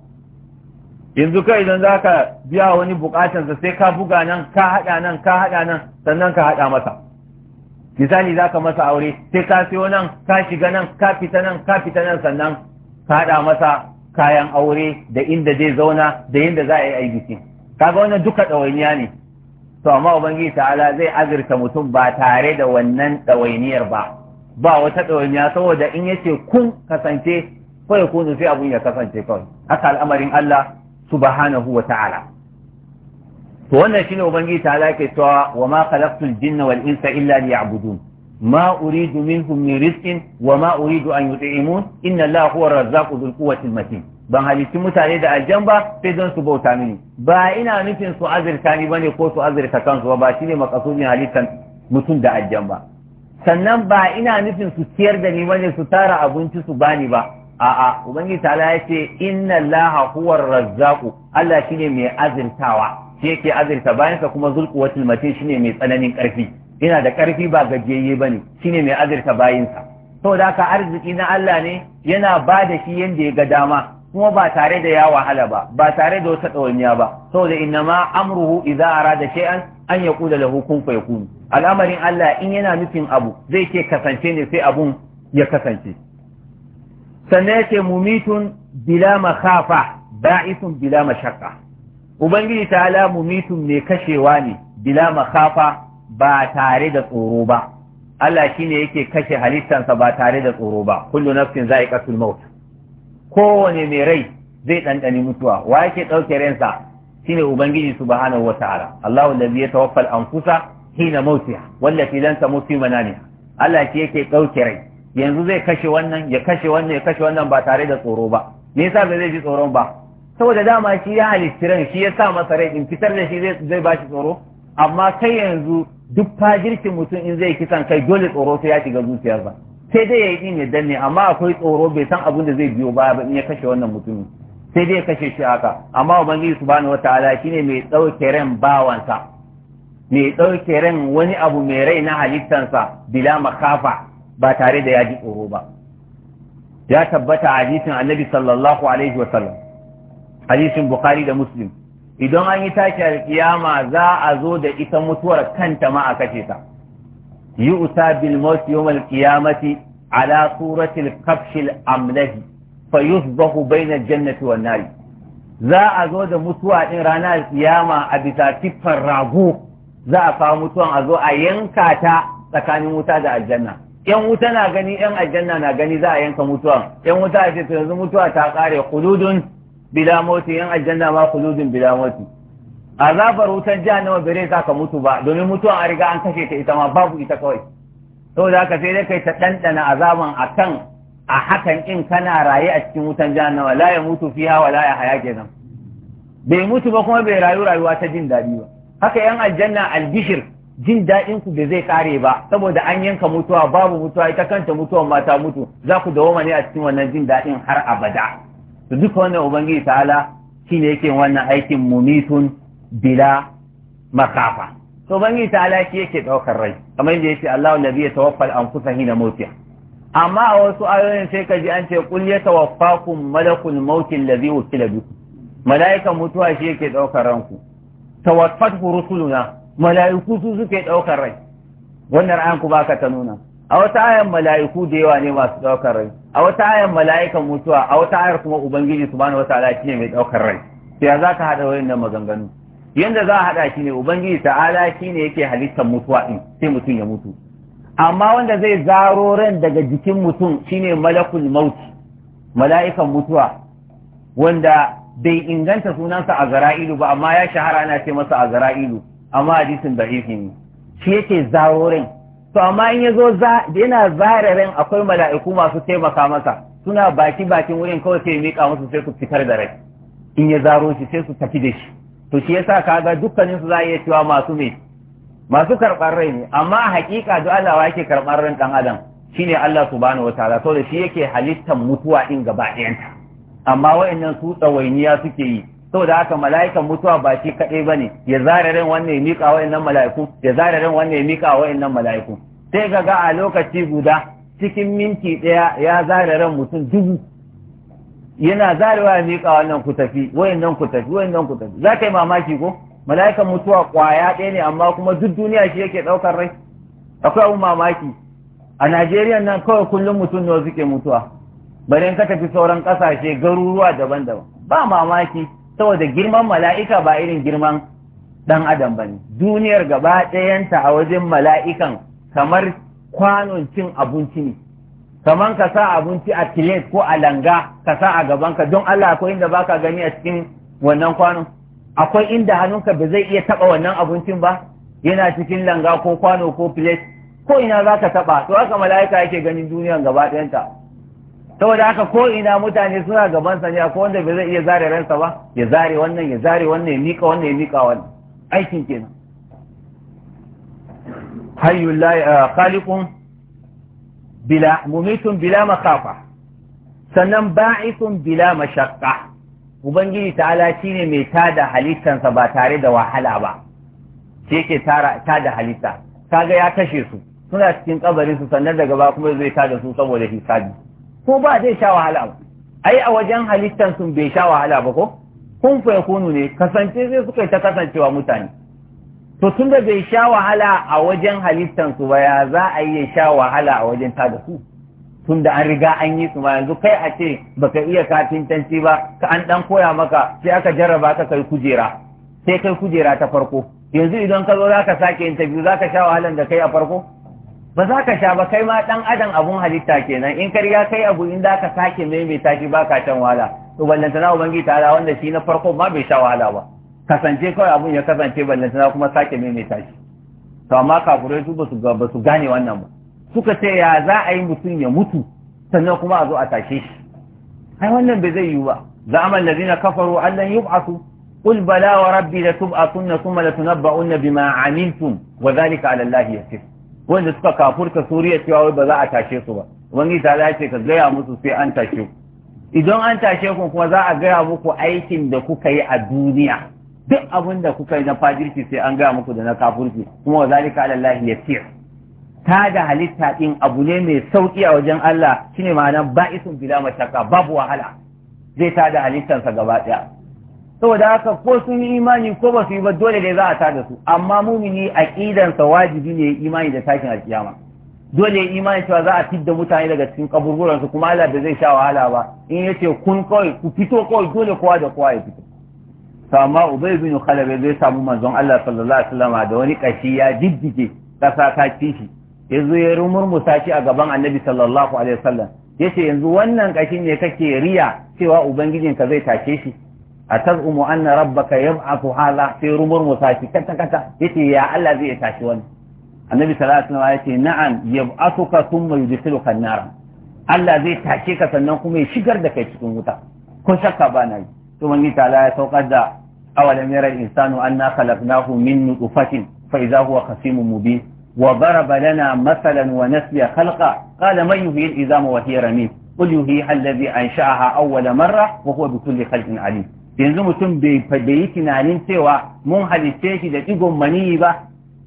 yanzu kai idan za ka biya wani bukatansa sai ka buga nan ka haɗa nan ka haɗa nan sannan ka haɗa masa misali za ka masa aure sai ka siyo nan ka shiga nan ka fita nan ka fita nan sannan ka haɗa masa kayan aure da inda zai zauna da inda za a yi aiki ga wannan duka ɗawainiya ne to amma ubangiji ta'ala zai azurta mutum ba tare da wannan ɗawainiyar ba ba wata ɗawainiya saboda in yace kun kasance ko ya kunu sai abun ya kasance kawai haka al'amarin Allah subhanahu wa ta'ala to wannan shine ubangiji ta lake cewa wa ma khalaqtul jinna wal insa illa liya'budun ma uridu minhum min rizqin wa ma uridu an yut'imun inna allaha huwa ar-razzaqu dhul quwwati matin ban halitti mutane da aljan sai don su bauta mini ba ina nufin su azurta ni bane ko su azurta kansu ba shine makasudin halittan mutum da aljan ba sannan ba ina nufin su ciyar da ni bane su tara abinci su bani ba a'a ubangiji ta'ala ya ce inna allaha huwa razzaqu Allah shine mai azirtawa shi yake azirta bayan sa kuma zulquwatul matin shine mai tsananin karfi ina da karfi ba gajiyayye bane shine mai azirta bayansa. sa saboda haka arziki na Allah ne yana ba da shi yanda ya ga dama kuma ba tare da ya wahala ba ba tare da wata tsawamiya ba saboda inna ma amruhu idza arada shay'an an yaqula lahu kun fayakun al'amarin Allah in yana nufin abu zai ce kasance ne sai abun ya kasance sannan ya ce mumitun bila makafa ba'isun bila mashakka ubangiji ta'ala mumitun mai kashewa ne bila makafa ba tare da tsoro ba Allah shine yake kashe halittansa ba tare da tsoro ba kullu nafsin za'iqatul maut kowane mai rai zai ɗanɗani mutuwa wa yake ɗauke ransa shine ubangiji subhanahu wata'ala Allahu allazi yatawaffa al-anfusa hina mautiha wallati lan tamut fi manamiha Allah shi yake ɗauke rai yanzu zai kashe wannan ya kashe wannan ya kashe wannan ba tare da tsoro ba me yasa ba zai ji tsoron ba saboda dama shi ya halitti ran shi ya sa masa rai in fitar da shi zai ba shi tsoro amma kai yanzu duk fajirkin mutum in zai kisan kai dole tsoro sai ya shiga zuciyar ba sai dai ya yi ne danne amma akwai tsoro bai san abin da zai biyo ba ba in ya kashe wannan mutumin sai dai ya kashe shi haka amma ubangiji subhanahu wataala shine mai ɗauke ran bawansa mai ɗauke ran wani abu mai rai na halittansa bila makafa ba tare da ya ji tsoro ba ya tabbata a hadisin annabi sallallahu alaihi wa sallam hadisin bukhari da muslim idan an yi tashi alkiyama za a zo da ita mutuwar kanta ma a kace ta yu'ta bil maut yawm al qiyamati ala surati al fa al amlahi fayusbahu bai al jannati wan nar za a zo da mutuwa ɗin rana kiyama a bisa tiffar rago za a kawo mutuwan a zo a yanka ta tsakanin wuta da aljanna yan wuta na gani yan aljanna na gani za a yanka mutuwa yan wuta a ce to yanzu mutuwa ta kare Kududun bila moti, yan aljanna ma kududun bila moti azabar wutan jahannama bare za ka mutu ba domin mutuwa a riga an kashe ta ita ma babu ita kawai saboda ka sai dai kai ta dandana azaban kan a hakan in kana raye a cikin wutan jahannama la ya mutu fiha wa la ya haya kenan bai mutu ba kuma bai rayu rayuwa ta jin daɗi ba haka yan aljanna albishir jin daɗin ku da zai kare ba saboda an yanka mutuwa babu mutuwa ita kanta mutuwan mata mutu za ku dawoma ne a cikin wannan jin daɗin har abada to duka wannan ubangiji ta'ala ne yake wannan aikin mumitun bila makafa to ubangiji ta'ala shi yake ɗaukar rai kamar yadda yake Allahu allazi yatawaffal anfusahu hina mautiha amma a wasu ayoyin sai ka ji an ce kul yatawaffakum malakul mauti allazi wukila bikum mala'ikan mutuwa shi yake ɗaukar ranku tawaffat rusuluna mala'iku su suke ɗaukar rai wannan ayan ku baka ta nuna a wata ayan mala'iku da yawa ne masu ɗaukar rai a wata ayan mala'ikan mutuwa a wata ayar kuma ubangiji subhanahu wataala shi ne mai ɗaukar rai to ya zaka haɗa wayannan maganganu yanda za a haɗa shi ne ubangiji ta'ala shi ne yake halittar mutuwa din sai mutum ya mutu amma wanda zai zaro ran daga jikin mutum shine malakul mauti mala'ikan mutuwa wanda bai inganta sunansa a zara'ilu ba amma ya shahara ana ce masa a zara'ilu amma hadisin da'ifi ne shi yake zawo rai to amma in yazo yana zara ran akwai mala'iku masu taimaka masa suna baki bakin wurin kawai sai miƙa musu sai su fitar da rai in ya zaro shi sai su tafi da shi to shi yasa kaga dukkanin su za a iya cewa masu me masu karɓar rai ne amma a haƙiƙa duk Allah yake karɓar ran ɗan adam shine Allah subhanahu wataala to da shi yake halittar mutuwa din gaba ɗayanta amma wayannan su tsawainiya suke yi saboda haka mala'ikan mutuwa ba shi kaɗai ba ne ya zare ran wannan ya miƙa wa'annan mala'iku ya zare ran wannan ya miƙa wa'annan mala'iku sai ga ga a lokaci guda cikin minti ɗaya ya zare ran mutum dubu yana zarewa ya miƙa wannan ku tafi wa'annan ku tafi wa'annan ku tafi za ka yi mamaki ko mala'ikan mutuwa ƙwaya ɗaya ne amma kuma duk duniya shi yake ɗaukar rai akwai abun mamaki a Najeriya nan kawai kullum mutum ne suke mutuwa bari in ka tafi sauran ƙasashe garuruwa daban-daban ba mamaki saboda girman mala'ika ba irin girman ɗan adam ba ne duniyar gaba ɗayanta a wajen mala'ikan kamar kwanon cin abinci ne kamar ka sa abinci a tilet ko a langa ka sa a gabanka don Allah akwai inda baka gani a cikin wannan kwanon akwai inda hannunka ba zai iya taɓa wannan abincin ba yana cikin langa ko kwano ko plate ko ina za ka taɓa to haka mala'ika yake ganin duniyar gaba ɗayanta saboda haka ko ina mutane suna gaban sa ne ko wanda bai zai iya zare ransa ba ya zare wannan ya zare wannan ya mika wannan ya mika wannan aikin kenan hayyul la eh, khaliqun bila mumitun bila makafa sannan ba'ithun bila mashaqqa ubangiji ta'ala shine mai tada halittansa ba tare da wahala ba shi yake tara tada halitta kaga ya kashe su suna cikin kabarin su sannan daga ba kuma zai tada su saboda hisabi ko ba zai sha wahala ba ai a wajen halittan sun bai sha wahala ba ko kun fa yakunu ne kasance sai suka yi ta kasancewa mutane to tun da bai sha wahala a wajen halittan su ba ya za a iya sha wahala a wajen ta da su tun da an riga an yi su ma yanzu kai a ce baka iya kafintanci ba ka an ɗan koya maka sai aka jarraba ka kai kujera sai kai kujera ta farko yanzu idan ka zo za ka sake interview za ka sha wahalan da kai a farko ba za ka sha ba kai ma dan adam abun halitta kenan in karya kai abu in zaka ka sake maimaita shi ba ka shan wahala to ballantana ubangiji ta wanda shi na farko ma bai sha wahala ba kasance kawai abun ya kasance ballantana kuma sake maimaita shi to amma kafurai su ba su gane wannan ba suka ce ya za a yi mutum ya mutu sannan kuma a zo a tashe shi ai wannan bai zai yiwu ba Za a kafaru an lan yub'asu qul bala wa rabbi la tub'asunna thumma la tunabba'unna bima 'amiltum wa dhalika 'ala allahi yasir wanda suka kafurta suriya cewa wai ba za a tashe su ba Wani ta ce ka gaya musu sai an tashe ku idan an tashe ku kuma za a gaya muku aikin da kuka yi a duniya duk abin da kuka yi na fajirci sai an gaya muku da na kafurci kuma wa zalika ala Allah yasir ta da halitta din abu ne mai sauki a wajen Allah shine ma'ana ba'isun bila mashaka babu wahala zai ta da halittansa gaba daya saboda haka ko sun yi imani ko ba su yi ba dole ne za a tada su amma mumini aqidansa wajibi ne imani da tashin alkiyama dole ya imani cewa za a fidda mutane daga cikin su kuma Allah da zai sha wahala ba in ya ce kun kawai ku fito kawai dole kowa da kowa ya fito to amma ubay bin khalab zai samu manzon Allah sallallahu alaihi wasallama da wani kashi ya jiddige kasa ta kishi. yanzu ya rumurmusa shi a gaban annabi sallallahu alaihi wasallam yace yanzu wannan kashin ne kake riya cewa ubangijinka zai tashe shi a tazumu anna rabbaka yab'athu hala sai rumur musashi kata yace ya Allah zai tashi wani annabi sallallahu alaihi wasallam yace na'am yab'athuka thumma yudkhiluka an-nar Allah zai tashe ka sannan kuma ya shigar da kai cikin wuta ko shakka ba na yi to mangi ta'ala ya saukar da awalam yara al-insanu anna khalaqnahu min nutfatin fa idza huwa khasimun mubin وضرب لنا مثلا ونسي خلقا قال من izama الإزام وهي رميم قل يهيها الذي أنشأها أول مرة وهو بكل خلق عليم yanzu mutum bai yi tunanin cewa mun halitte shi da digon maniyi ba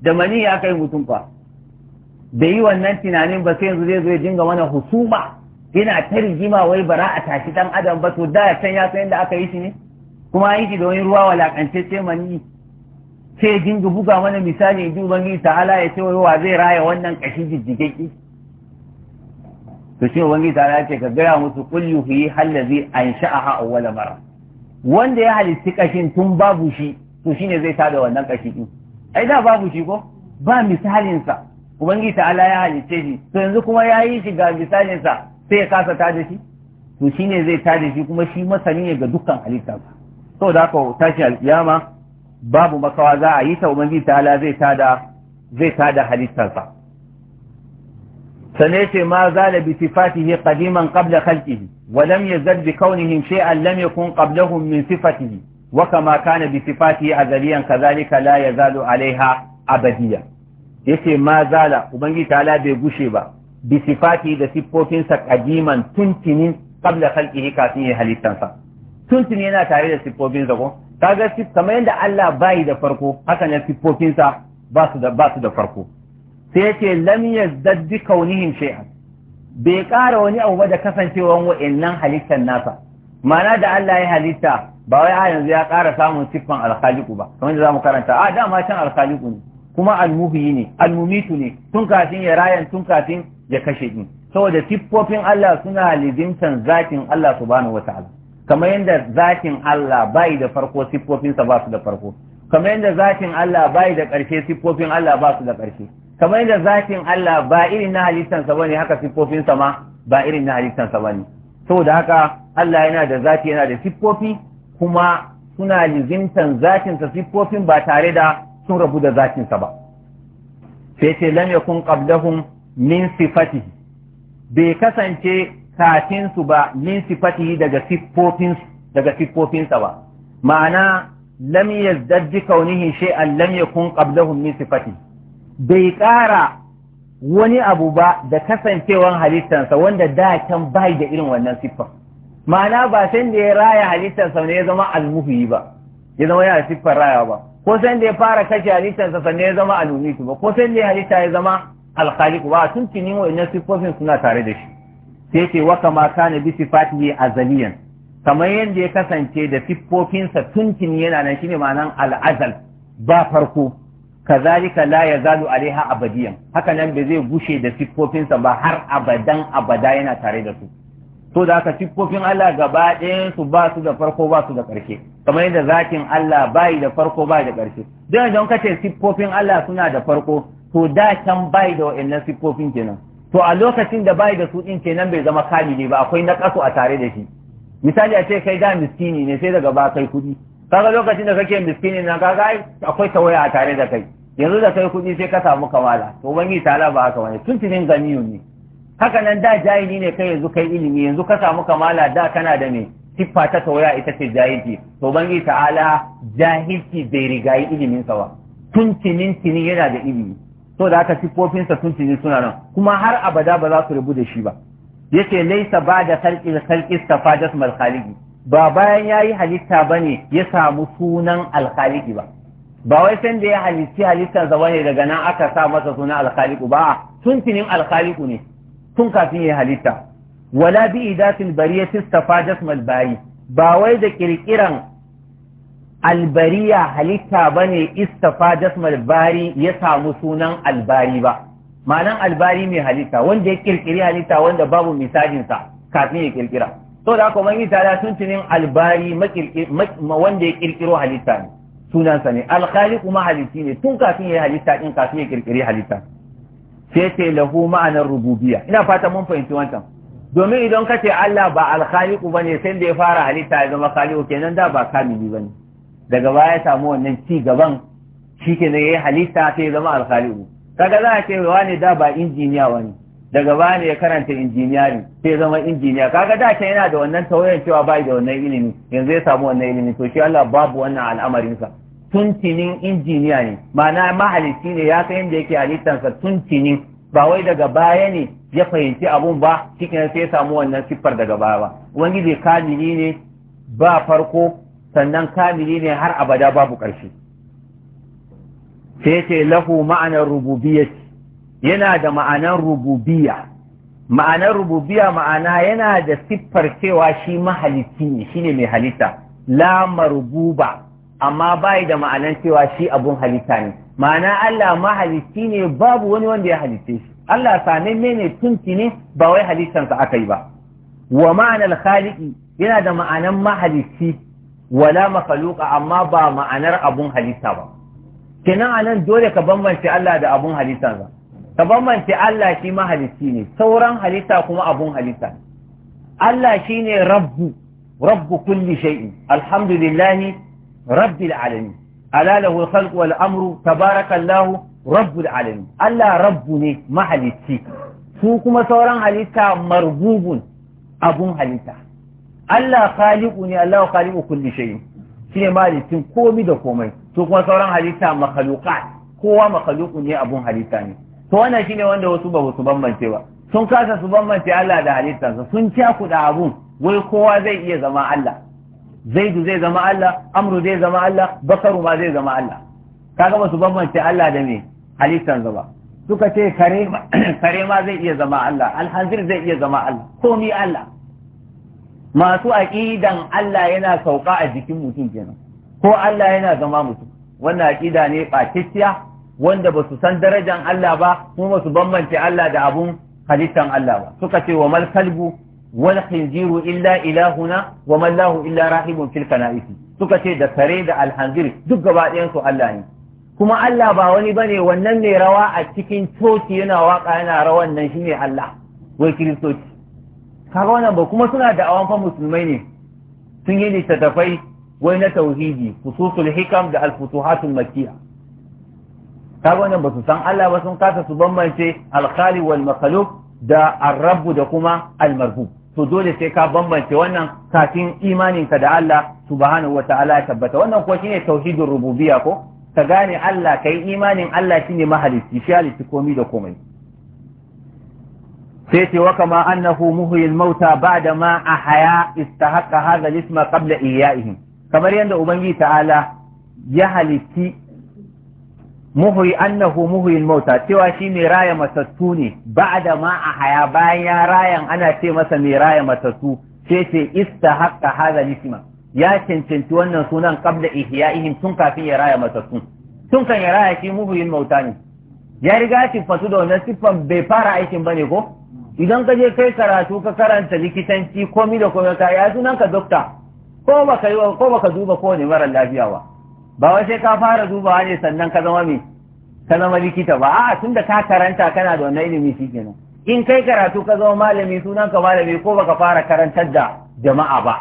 da maniyi ya kai mutum fa bai yi wannan tunanin ba sai yanzu zai zo ya dinga mana husuma yana ta rigima wai bara a tashi dan adam ba to da san ya san yadda aka yi shi ne kuma yi shi da wani ruwa sai maniyi sai ya dinga buga mana misali in ji ubangiji ta'ala ya ce wai wa zai raya wannan kashi jijjigaggi to shi ubangiji ta'ala ya ce ka gaya musu kullu fi hallazi an sha'aha awwala mara wanda ya halitti kashin tun babu shi to shine zai tada wannan kashi din ai da babu shi ko ba misalin sa ta Ala ya halitte shi to yanzu kuma ya yi shi ga misalin sa sai ya kasa tada shi to shine zai tada shi kuma shi masani ne ga dukkan halitta to da ka tashi alkiyama babu makawa za a yi ta ta ala zai tada zai tada halittarsa sane ce ma zala bi sifatihi qadiman qabla khalqihi wa lam zarbi bi kaunihim shay'an lam yakun qablahum min sifatihi wa kama kana bi sifatihi azaliyan kadhalika la zalo alaiha abadiya yace ma zala ubangiji ta'ala bai gushe ba bi da siffofinsa qadiman tuntunin, qabla khalqihi kafin ya halittansa tuntuni yana tare da siffofinsa ko kaga sif kamar yadda Allah bai da farko haka ne siffofinsa ba su da farko sai ce lam zaddi kaunihin kaunihim bai ƙara wani abu ba da kasancewan wa'annan halittar nasa ma'ana da Allah ya halitta ba wai a yanzu ya ƙara samun siffan alkhaliku ba kamar da zamu karanta a dama can alkhaliku ne kuma almuhi ne almumitu ne tun kafin ya rayan tun kafin ya kashe din saboda siffofin Allah suna lizimtan zatin Allah subhanahu wataala kamar yadda zatin Allah bai da farko siffofinsa ba su da farko kamar yadda zatin Allah bai da ƙarshe siffofin Allah ba su da ƙarshe kamar yadda zakin Allah ba irin na halittansa bane haka siffofinsa ma ba irin na halittansa bane saboda haka Allah yana da zati yana da siffofi kuma suna lizimtan zafinsa siffofin ba tare da sun rabu da zafinsa ba sai ce lam yakun qablahum min sifatihi bai kasance kafin su ba min sifatihi daga siffofin daga siffofinsa ba ma'ana lam yazdad bi kaunihi shay'an lam yakun qablahum min sifatihi bai ƙara wani abu ba da kasancewan halittansa wanda da can bai da irin wannan siffar ma'ana ba san da ya raya halittarsa ne ya zama almuhi ba ya zama yana siffar raya ba ko san da ya fara kashe halittarsa sannan ya zama alunitu ba ko san da ya halitta ya zama alkhaliku ba tun tuni siffofin suna tare da shi sai ce wa kama kana bi sifatihi azaliyan kamar yadda ya kasance da siffofinsa tun tuni yana nan shine ma'anan al'azal ba farko kazalika la zalu alaiha abadiyan haka nan bai zai gushe da siffofinsa ba har abadan abada yana tare da su to da haka siffofin Allah gaba su ba su da farko ba su da ƙarshe kamar yadda zakin Allah bai da farko bai da ƙarshe don idan kace siffofin Allah suna da farko to da can bai da wa'annan siffofin kenan to a lokacin da bai da su din kenan bai zama kamili ba akwai nakasu a tare da shi misali a ce kai da miskini ne sai daga ba kai kuɗi kaga lokacin da kake miskini na kaga akwai tawaya a tare da kai yanzu da kai kuɗi sai ka samu kamala to ubangi ta ba haka wani tuntunin ganiyu ne haka nan da jahili ne kai yanzu kai ilimi yanzu ka samu kamala da kana da me siffa ta tawaya ita ce jahilci to ta ala jahilci bai rigayi ilimin sa ba tuntunin tunin yana da ilimi to da haka siffofinsa tunin suna nan kuma har abada ba za su rubu da shi ba yace laisa ba da khalqi khalqi safajat mal khaliqi ba bayan ya yi halitta ba ne ya samu sunan alkhaliki ba ba wai san da ya halitti halitta zaba ne daga nan aka sa masa sunan alkhaliku ba tuntunin alkhaliku ne tun kafin ya halitta wala bi idatil bariyati istafadat mal bayi ba wai da kirkiran albariya halitta ba ne istafadat mal bari ya samu sunan albari ba ma'anan albari mai halitta wanda ya kirkiri halitta wanda babu misalinsa kafin ya kirkira to da aka mai tada sun tunin albari wanda ya kirkiro halitta ne sunansa ne alkhali kuma halitti ne tun kafin ya yi halitta din kafin ya kirkiri halitta sai ce lahu ma'anar rububiya. ina fata mun fahimci wancan domin idan ka ce Allah ba ku bane sai da ya fara halitta ya zama khaliqu kenan da ba kamili bane daga baya ya samu wannan ci gaban ya yi halitta sai ya zama alkhaliqu kaga za a ce ne da ba injiniya wani daga baya ne ya karanta injiniyari sai zama injiniya kaga da ke yana da wannan tauyen cewa bai da wannan ilimi yanzu ya samu wannan ilimi to shi Allah babu wannan al'amarinsa tuntinin injiniya ne ma'ana mahalicci ne ya san yadda yake halittansa tuntinin ba wai daga baya ne ya fahimci abun ba cikin sai ya samu wannan siffar daga baya ba ubangiji kamili ne ba farko sannan kamili ne har abada babu ƙarshe sai ce lahu ma'anar rububiyyati yana da ma'anar rububiya ma'anar rububiya ma'ana yana da siffar cewa shi mahalitti ne shine mai halitta la marububa amma bai da ma'anar cewa shi abun halitta ne ma'ana Allah mahalitti ne babu wani wanda ya halitte shi Allah sami ne tunki ne ba wai halittansa aka yi ba wa ma'anar khaliqi yana da ma'anar mahalitti wala makhluqa amma ba ma'anar abun halitta ba kenan anan dole ka bambance Allah da abun halittansa ka bambance Allah shi mahalicci ne sauran halitta kuma abun halitta Allah shi ne rabbu rabbu kulli shay'in alhamdulillahi rabbil alamin ala lahu al wal amru tabarakallahu rabbul alamin Allah rabbu ne mahalicci su kuma sauran halitta marbubun abun halitta Allah khaliqu ne Allah khaliqu kulli shay shine mahalicin komai da komai su kuma sauran halitta makhluqat kowa makhluqu ne abun halitta ne to wannan shine wanda wasu ba su bambance ba sun kasa su bambance Allah da halittarsa sun da abun wai kowa zai iya zama Allah zaidu zai zama Allah amru zai zama Allah bakaru ma zai zama Allah kaga ba su bambance Allah da me halittarsa ba suka ce kare ma [clears throat] zai iya zama Allah alhazir zai iya zama Allah komi Allah masu aƙidan Allah yana sauka a jikin mutum kenan ko Allah yana zama mutum wannan aƙida ne ɓacicciya wanda ba su san darajan Allah ba kuma su bambance Allah da abun halittan Allah ba suka ce wa mal kalbu wal khinziru illa ilahuna wa mallahu illa rahibun fil kana'isi suka ce da sare da alhanzir duk gaba ɗayan su Allah ne kuma Allah ba wani bane wannan ne rawa a cikin coci yana waka yana rawan nan shine Allah wai kiristoci kaga wannan ba kuma suna da awan fa musulmai ne sun yi littattafai wai na tauhidi fususul hikam da alfutuhatul futuhatul makkiyah kaga wannan ba su san Allah ba sun kasa su bambance alkhali wal makhluq da Arrabbu da kuma almarhu to dole sai ka bambance wannan kafin imaninka da Allah subhanahu Ta'ala ya tabbata wannan kuwa shine tauhidur rububiyya ko ka gane Allah kai imanin Allah shine mahalicci shi halicci komai da komai sai ce "Waka kama annahu muhyil mauta ba'da ma ahaya istahaqqa hadha al-isma qabla iyaihim kamar yadda ubangiji ta'ala ya halitti Muhri, annahu muhyil mauta cewa shi mai raya matattu ne ba'da ma a haya bayan ya rayan ana ce masa mai raya matattu sai ce istahaqqa hadha isma ya cancanci wannan sunan qabla ihya'ihim tun kafin ya raya matattu tun kan ya raya shi muhyil mauta ne ya riga shi fasu da wannan siffan bai fara aikin bane ko idan ka je kai karatu ka karanta likitanci komi da komai ka ya sunan ka dokta ko baka yi ko baka duba kowane mara lafiya ba ba wai sai ka fara dubawa ne sannan ka zama mai ka zama likita ba a'a tunda ka karanta kana da wannan ilimi shikenan in kai karatu ka zama malami sunan ka malami ko baka fara karantar da jama'a ba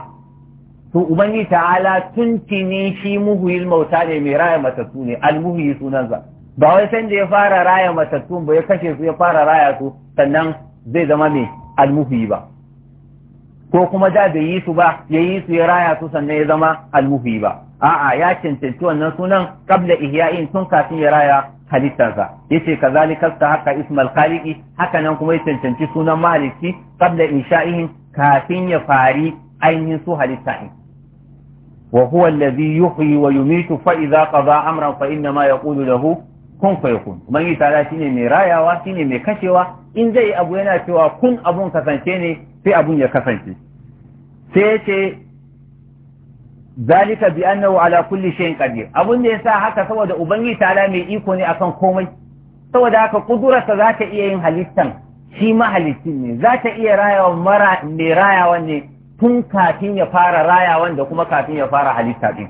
to ubangi ta'ala tini shi muhuyil mauta ne mai raya matattu ne almuhuyi sunansa ba wai san da ya fara raya matattun ba ya kashe su ya fara raya su sannan zai zama mai almuhuyi ba ko kuma da bai yi su ba ya yi su ya raya su sannan ya zama almuhi ba a'a ya cancanci wannan sunan qabla ihya'in tun kafin ya raya halittarsa yace kazalika ta haka ismal khaliqi haka nan kuma ya cancanci sunan maliki qabla insha'ihim kafin ya fari ainihin su halitta din wa huwa alladhi yuhyi wa yumitu fa idza qada amran fa inna ma yaqulu lahu kun fa yakun ubangiji ta shine mai rayawa shine mai kashewa in zai abu yana cewa kun abun kasance ne sai abun ya kasance sai ce zalika bi annahu ala kulli shay'in qadir abun da yasa haka saboda ubangiji ta'ala mai iko ne akan komai saboda haka kudurarsa za ta iya yin halittan shi mahalicin ne za ta iya rayawa mara mai rayawa ne tun kafin ya fara rayawa da kuma kafin ya fara halitta din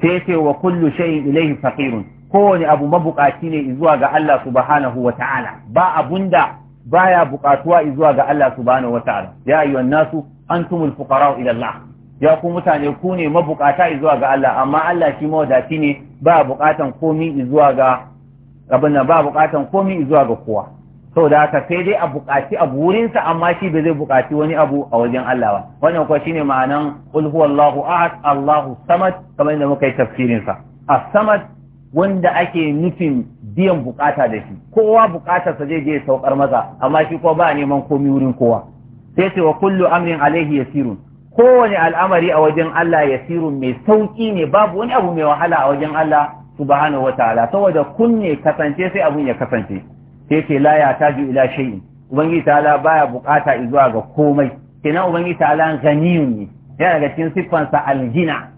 sai ce wa kullu shay'in ilayhi faqirun kowane abu mabukaci ne zuwa ga Allah subhanahu wa ta'ala ba abunda baya buƙatuwa zuwa ga Allah subhanahu wata'ala ya ayyuhan nasu antumul fuqara ila Allah ya ku mutane ku ne mabukata zuwa ga Allah amma Allah shi mawadaci ne ba buƙatan komi zuwa ga abin nan ba bukatan komi zuwa ga kowa saboda haka sai dai a buƙaci abu wurinsa amma shi ba zai bukaci wani abu a wajen Allah ba wannan kuwa shine ma'anan qul huwallahu ahad Allahu samad kamar da muka yi tafsirin sa as-samad wanda ake nufin biyan bukata da shi kowa bukatarsa zai je saukar masa amma shi ko ba neman komi wurin kowa sai ce wa kullu amrin alaihi yasirun kowane al'amari a wajen Allah yasirun mai sauki ne babu wani abu mai wahala a wajen Allah subhanahu wataala saboda kunne kasance sai abun ya kasance sai ce la ya taju ila shay'in ubangiji ta'ala baya bukata zuwa ga komai kenan ubangiji ta'ala ganiyun ne yana daga cikin siffansa aljina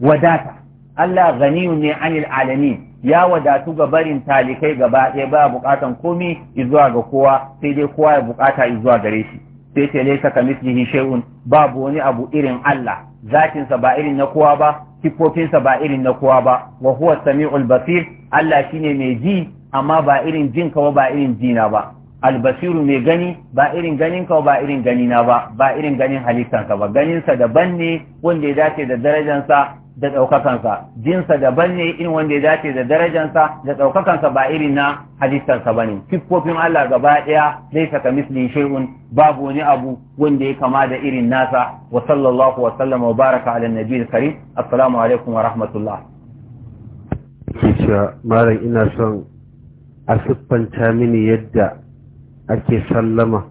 wadata Allah ganiyu ne anil alamin ya wadatu ga barin talikai gaba ɗaya ba bukatan komi izuwa ga kowa sai dai kowa ya bukata zuwa gare shi sai ce laisa ka mislihi shay'un babu wani abu irin Allah Zakinsa ba irin na kowa ba sifofinsa ba irin na kowa ba wa huwa sami'ul basir Allah shine mai ji amma ba irin jin ka ba irin jina ba albasiru mai gani ba irin ganin ka ba irin ganina ba ba irin ganin ka ba ganinsa daban ne wanda ya dace da darajansa da ɗaukakansa jinsa daban ne in wanda ya dace da darajansa da ɗaukakansa ba irin na halittarsa ba ne siffofin Allah gaba ɗaya zai saka misli shay'un babu wani abu wanda ya kama da irin nasa wa sallallahu wa sallama wa baraka ala nabiyil karim assalamu alaikum wa rahmatullah cewa malam ina son a siffanta mini yadda ake sallama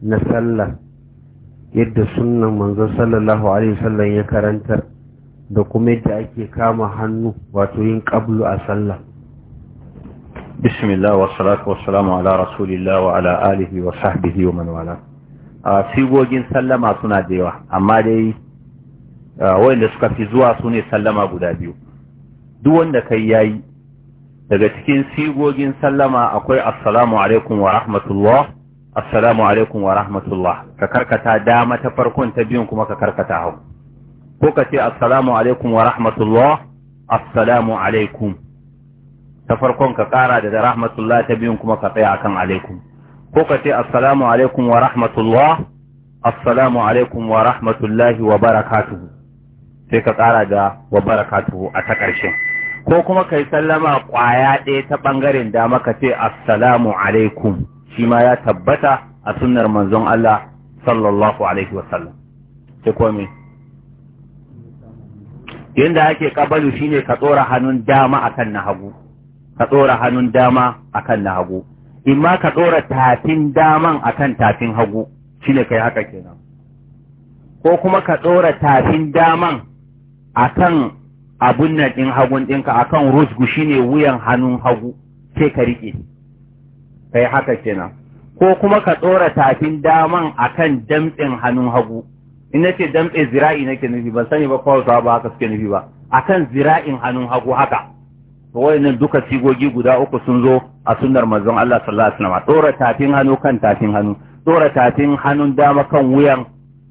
na sallah yadda sunnan manzon sallallahu alaihi wasallam ya karantar da kuma yadda ake kama hannu wato yin ƙablu a sallah bismillah wa salatu wa salamu ala rasulillah wa ala alihi wa sahbihi wa manwala a sigogin sallama suna da yawa amma dai wanda suka fi zuwa su ne sallama guda biyu duk wanda kai yayi daga cikin sigogin sallama akwai assalamu alaikum wa rahmatullah assalamu alaikum wa rahmatullah ka karkata dama ta farkon ta biyun kuma ka karkata hau ko ka ce assalamu alaikum wa rahmatullah assalamu alaikum ta farkon ka kara da rahmatullah ta biyun kuma ka tsaya akan alaikum ko ka ce assalamu alaikum wa rahmatullah assalamu alaikum wa rahmatullahi wa barakatuhu sai ka kara da wa barakatuhu a ta ƙarshen ko kuma kai sallama ƙwaya ɗaya ta ɓangaren dama ka ce assalamu alaikum shi ma ya tabbata a sunnar manzon Allah sallallahu alaihi wasallam sai kuma yanda ake kabalu shine ka tsora hannun dama akan na hagu ka tsora hannun dama akan na hagu ma ka tsora tafin daman akan tafin hagu shine kai haka kenan ko kuma ka tsora tafin daman akan abun nan din hagun dinka akan rusgu shine wuyan hannun hagu sai ka rike kai haka kenan ko kuma ka tsora tafin daman akan damtsin hannun hagu in nace damtse zira'i nake nufi ban sani ba kawai ba haka suke nufi ba akan zira'in hannun hagu haka wayannan duka sigogi guda uku sun zo a sunnar manzon Allah sallallahu alaihi wasallam dora tafin hannu kan tafin hannu dora tafin hannun dama kan wuyan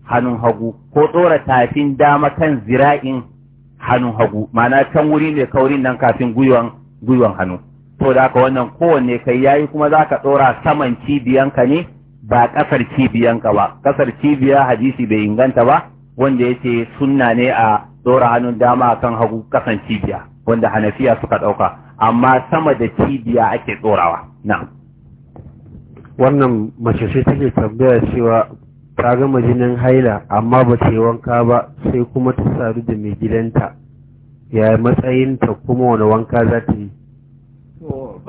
hannun hagu ko dora tafin dama kan zira'in hannun hagu ma'ana can wuri ne kaurin nan kafin gwiwan gwiwan hannu to da haka wannan kowanne kai yayi kuma zaka dora saman cibiyanka ne ba kasar cibiyanka ba kasar cibiya hadisi bai inganta ba wanda yace sunna ne a dora hannun dama kan hagu kasan cibiya wanda hanafiya suka ɗauka amma sama da cibiya ake tsorawa na. wannan mace sai take tambaya cewa ta gama jinin haila amma ba ta yi wanka ba sai kuma ta sadu da mai gidanta ya matsayinta kuma wani wanka za ta yi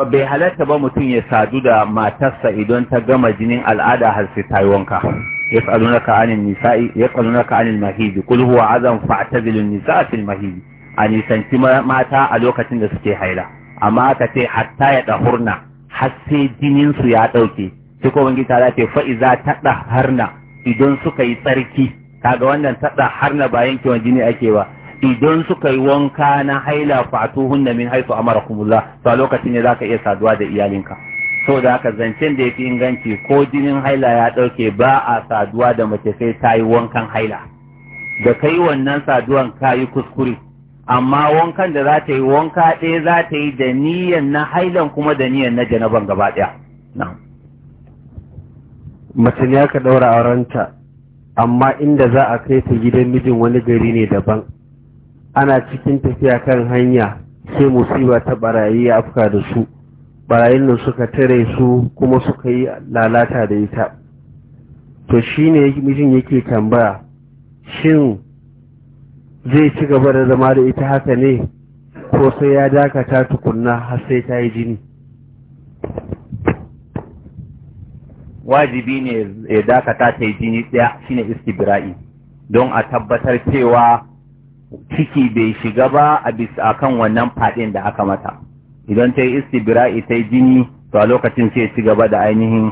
bai halarta ba mutum ya sadu da matarsa idan ta gama jinin al'ada har sai ta yi wanka na ka'anin nisa'i yas'alunaka anil mahid qul huwa azam fa'tazilun nisa'a fil a nisanci mata a lokacin da suke haila amma aka ce hatta ya dahurna har sai jinin su ya ɗauke. sai ko bangi ta ce fa iza harna. idan suka yi tsarki kaga wannan tadaharna ba wani jini ake ba idan suka yi wanka na haila fatuhun min haisu amarakumullah to a lokacin ne za ka iya saduwa da iyalinka da haka zancen da ya fi inganci ko jinin haila ya ɗauke, ba a saduwa da mace sai ta yi wankan haila da kai wannan saduwan ka yi kuskure amma wankan da za ta yi wanka ɗaya za ta yi da niyan na hailan kuma da niyan na janaban gaba ɗaya mace ne aka ɗaura amma inda za a kai ta gidan mijin wani gari ne daban ana cikin tafiya kan hanya sai musiba ta barayi ya afka da su barayin nan suka tare su kuma suka yi lalata da ita to shi ne mijin yake tambaya shin zai ci gaba da zama da ita haka ne ko sai ya dakata tukunna har sai ta yi jini wajibi ne ya dakata ta yi jini ɗaya shine istibra'i don a tabbatar cewa ciki bai shiga ba a bisa kan wannan fadin da aka mata idan ta yi istibra'i ta yi jini to a lokacin sai ci gaba da ainihin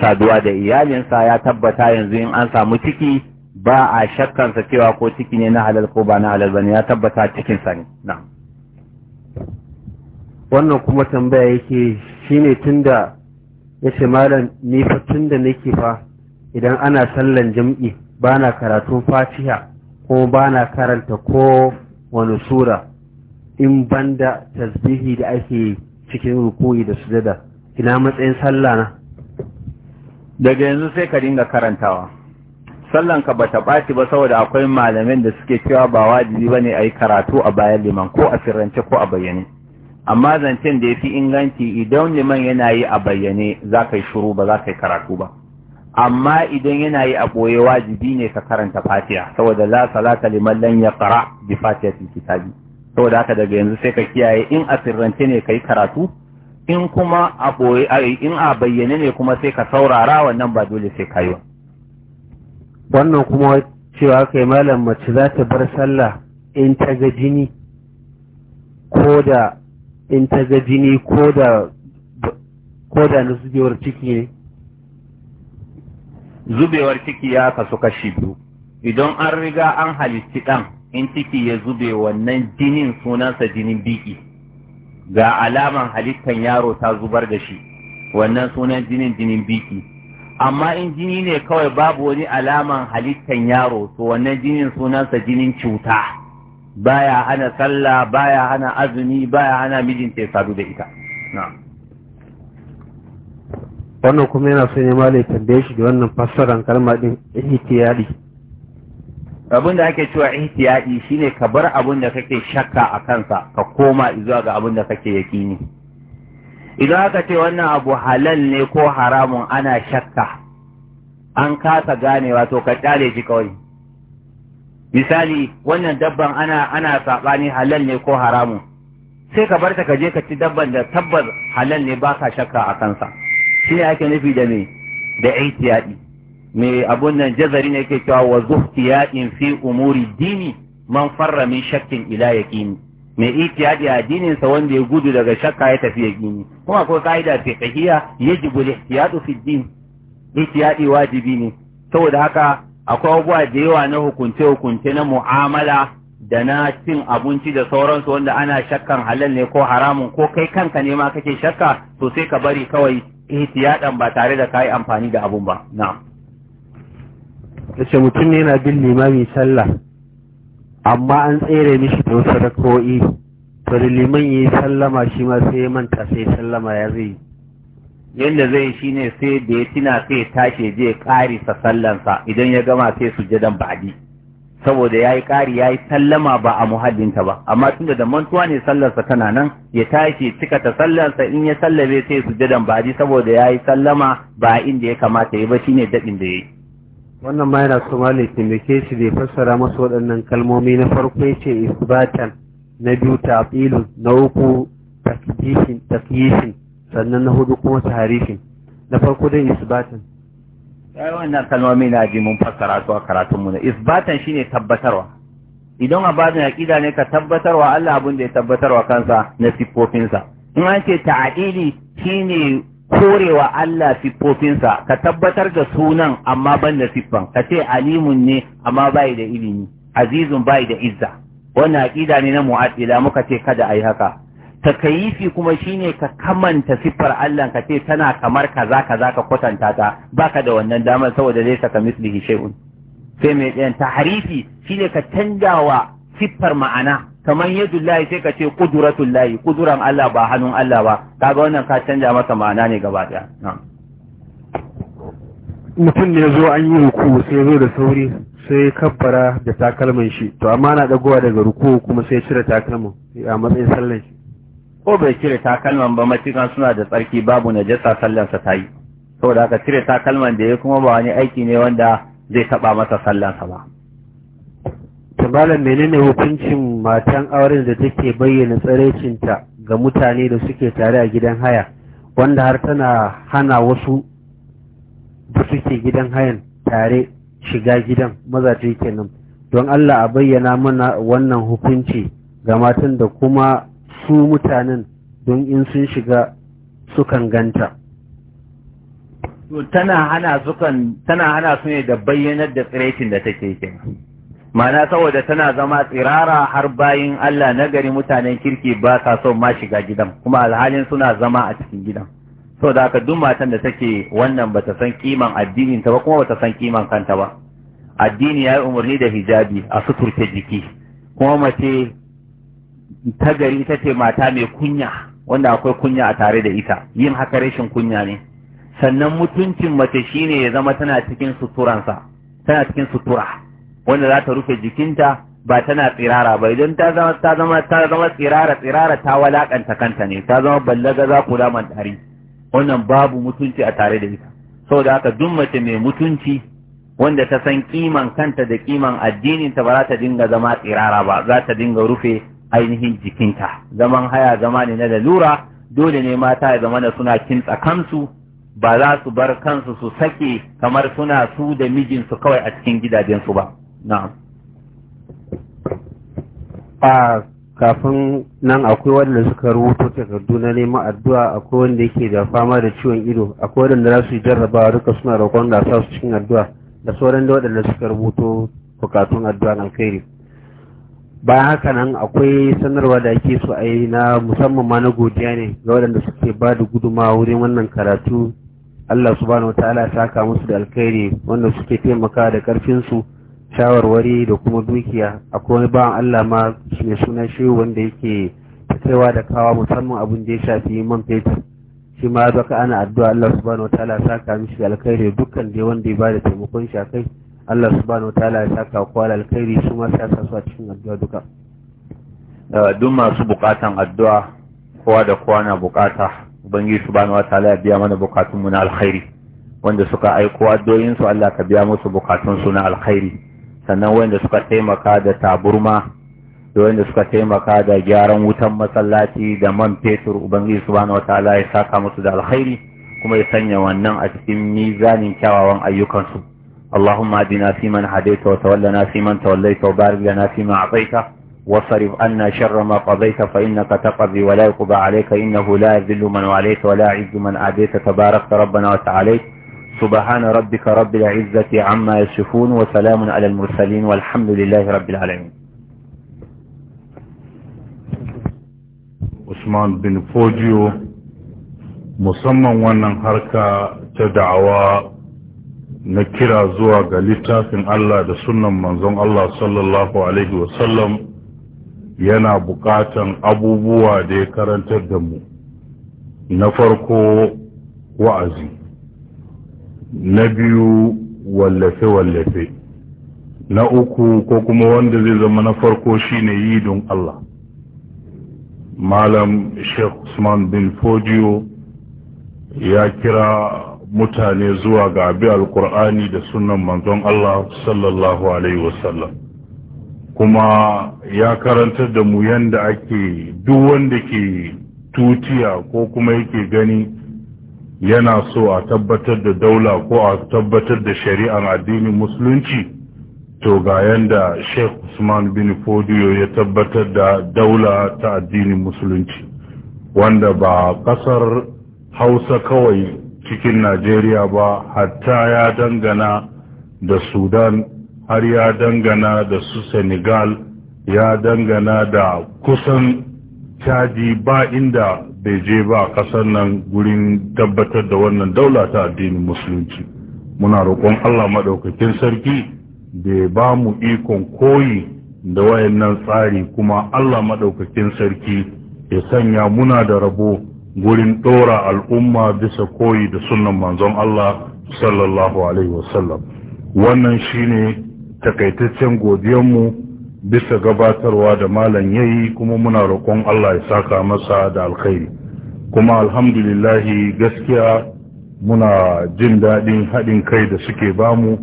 saduwa da iyalinsa ya tabbata yanzu in an samu ciki ba a shakkansa cewa ko ciki ne na halal ko ba na halal ba ne ya tabbata cikinsa ne na wannan kuma tambaya yake shine tunda ya ce malam ni fa tunda nake fa idan ana sallan jam'i ba na karatun fatiha ko ba na karanta ko wani sura in banda tasbihi da ake cikin rukuni da sujada ina matsayin sallah na daga yanzu sai ka dinga karantawa sallan ka bata ɓaci ba saboda akwai malamin da suke cewa ba wajibi bane ayi karatu a bayan liman ko a sirrance ko a bayyane amma zancen da ya fi inganci idan liman yana yi a bayyane za ka yi shuru ba za ka yi karatu ba amma idan yana yi a ɓoye wajibi ne ka karanta fatiya saboda la salata liman lam yaqra bi fatihatil kitabi saboda haka daga yanzu sai ka kiyaye in sirrance ne kai karatu in kuma a in a bayyane ne kuma sai ka saurara wannan ba dole sai kayi wannan kuma cewa kai malam mace za ta bar sallah in ta ga jini ko da in ta ga jini ko da ko da na zubewar ciki ne zubewar ciki ya kasu kashi biyu idan an riga an halitti ɗan in ciki ya zube wannan jinin sunansa jinin biki ga alaman halittan yaro ta zubar da shi wannan sunan jinin jinin biki amma in jini ne kawai babu wani alaman halittan yaro to wannan jinin sunansa jinin cuta baya hana sallah baya hana azumi baya hana mijinta ya sadu da ita na'am wannan kuma yana son ya malai tambaye shi da wannan fassaran kalma din ihtiyadi abin da ake cewa ihtiyadi shine ka bar abin da kake shakka a kansa ka koma zuwa ga abin da kake yakini idan aka ce wannan abu halal ne ko haramun ana shakka an kasa ganewa to ka tsare shi kawai misali wannan dabban ana ana sabani halal ne ko haramun sai ka bar ta ka je ka ci dabban da tabbas halal ne ba baka shakka a kansa shi ake nufi da me da yaɗi. me abun nan jazari ne yake cewa wa yaɗin fi umuri dini man farra min shakkin ila yaqini me ihtiyadi a addinin wanda ya gudu daga shakka ya tafi yaqini kuma ko kaida fiqhiyya yajibu al-ihtiyadu fi din ihtiyadi wajibi ne saboda haka akwai abubuwa da yawa na hukunce hukunce na mu'amala da na cin abinci da sauransu wanda ana shakkan halal ne ko haramun ko kai kanka ne ma kake shakka sosai ka bari kawai ihtiyadan ba tare da kai amfani da abun ba na'am yace mutum ne yana bin limami sallah amma an tsere mishi da wasu rako'i to da liman yi sallama shi ma sai manta sai sallama ya zai yadda zai shi ne sai da ya tina sai tashi je ƙarisa sallansa idan ya gama sai sujadan ba'di saboda ya yi ƙari ya yi sallama ba a muhallinta ba amma tunda da mantuwa ne sallarsa tana nan ya tashi cika ta sallarsa in ya sallabe sai sujadan baji saboda ya yi sallama ba inda ya kamata ya ba shine daɗin da ya yi wannan ma yana so malam taimake shi da fassara masu waɗannan kalmomi na farko ya ce isbatan na biyu tafilun na uku takyishin sannan na hudu kuma taharifin na farko dai isbatan yayin wannan kalmomi na ji mun fassara su a karatunmu na isbatan shine tabbatarwa idan a bazin aqida ne ka tabbatarwa Allah abin da ya tabbatarwa kansa na siffofinsa in an ce ta'adili shine korewa Allah siffofinsa ka tabbatar da sunan amma ban da siffan ka ce alimun ne amma bai da ilimi azizun bai da izza wannan aqida ne na mu'addila muka ce kada a yi haka takayifi kuma shine ka kamanta siffar Allah ka ce tana kamar kaza kaza ka kwatanta ta baka da wannan damar saboda zai saka mislihi shay'un sai mai tsayan tahrifi shine ka canjawa siffar ma'ana kamar yadullahi sai ka ce Kuduratullahi, kuduran Allah ba hannun Allah ba kaga wannan ka canja masa ma'ana ne gaba daya mutum ne zo an yi ruku sai zo da sauri sai kabbara da takalman shi to amma na dagowa daga ruku kuma sai cire takalman a matsayin sallan shi ko bai cire takalman ba matukan suna da tsarki babu na najasa sallansa ta yi saboda haka cire takalman da ya kuma ba wani aiki ne wanda zai taba masa sallansa ba malam menene hukuncin matan auren da take bayyana tsarecinta ga mutane da suke tare a gidan haya wanda har tana hana wasu da suke gidan hayan tare shiga gidan mazaje kenan don Allah a bayyana mana wannan hukunci ga matan da kuma su mutanen don in sun shiga sukan ganta tana hana su ne da bayyanar da tsiraitin da take kenan Mana saboda tana zama tsirara har bayin Allah nagari mutanen kirki ba sa son ma shiga gidan kuma alhalin suna zama a cikin gidan saboda haka duk matan da take wannan ba ta san kiman addinin ta ba kuma ba ta san kiman kanta ba addini ya yi umarni da hijabi a suturta jiki kuma mace ta gari ita ce mata mai kunya wanda akwai kunya a tare da ita yin haka rashin kunya ne sannan mutuncin mace shine ya zama tana cikin suturansa tana cikin sutura wanda za ta rufe jikinta ba tana tsirara ba idan ta zama ta zama ta zama tsirara tsirara ta walakanta kanta ne ta zama ballaga za ku daman tare wannan babu mutunci a tare da ita saboda haka duk mace mai mutunci wanda ta san kiman kanta da kiman addinin ta ba za ta dinga zama tsirara ba za ta dinga rufe ainihin jikinta zaman haya zama ne na lalura dole ne mata ya zama da suna kintsa kansu ba za su bar kansu su sake kamar suna su da mijinsu kawai a cikin gidajensu ba na a kafin nan akwai wanda suka rubuta takardu na neman addu'a akwai wanda yake da fama da ciwon ido akwai wanda za su jarrabawa duka suna roƙon da su cikin addu'a da sauran da waɗanda suka rubuta bukatun addu'a na alkhairi bayan haka nan akwai sanarwa da ake so a yi na musamman ma na godiya ne ga waɗanda suke ba da guduma wurin wannan karatu Allah subhanahu wataala saka musu da alkhairi wanda suke taimaka da ƙarfinsu, shawarwari da kuma dukiya akwai bawan Allah ma ne suna shi wanda yake kaiwa da kawa musamman abin da ya shafi man fetur shi ma zaka ana addu'a Allah subhanahu wataala saka mishi alkhairi dukkan dai wanda ya ba da taimakon shi a Allah subhanahu wataala ya saka kwala alkhairi su ma sai sa su a cikin addu'a duka eh, duk masu bukatan addu'a kowa da kowa na bukata ubangiji subhanahu wataala ya biya mana bukatunmu na alkhairi wanda suka aiko addu'o'in su Allah ka biya musu bukatun su na alkhairi sannan wanda suka taimaka da taburma da wanda suka taimaka da gyaran wutan masallaci da man fetur ubangiji subhanahu wataala ya saka musu da alkhairi kuma ya sanya wannan a cikin mizanin kyawawan ayyukansu اللهم أدنا فيمن هديت وتولنا فيمن توليت وبارك لنا فيما أعطيت وصرف عنا شر ما قضيت فإنك تقضي ولا يقضى عليك إنه لا يذل من وليت ولا يعز من عاديت تباركت ربنا وتعاليت سبحان ربك رب العزة عما يصفون وسلام على المرسلين والحمد لله رب العالمين عثمان بن فوجيو مصمم wannan harka ta na kira zuwa ga littafin Allah da sunan manzon Allah sallallahu Alaihi wasallam yana bukatan abubuwa da ya karantar da mu na farko wa'azi na biyu wallafe-wallafe na uku ko kuma wanda zai zama na farko shine yi don Allah malam sheikh usman bin fojiyo ya kira mutane zuwa ga abi alkur'ani da sunan manzon Allah sallallahu alaihi wasallam kuma ya karantar da mu yanda ake duk wanda ke tutiya ko kuma yake gani yana so a tabbatar da daula ko a tabbatar da shari'ar addinin musulunci to ga yanda sheikh usman bin fodiyo ya tabbatar da daula ta addinin musulunci wanda ba kasar hausa kawai cikin najeriya ba hatta ya dangana da sudan har ya dangana da su senegal ya dangana da kusan caji ba inda bai je ba kasar nan gurin tabbatar da wannan daula ta addinin musulunci muna roƙon allah maɗaukakin sarki da ya ba mu ikon koyi da wayannan tsari kuma allah maɗaukakin sarki ya sanya muna da rabo gurin ɗora al'umma bisa koyi da sunan manzon Allah sallallahu alaihi wasallam wannan shine takaitaccen godiyanmu bisa gabatarwa da malam yayi kuma muna roƙon Allah ya saka masa da alkhairi kuma alhamdulillahi gaskiya muna jin daɗin haɗin kai da suke bamu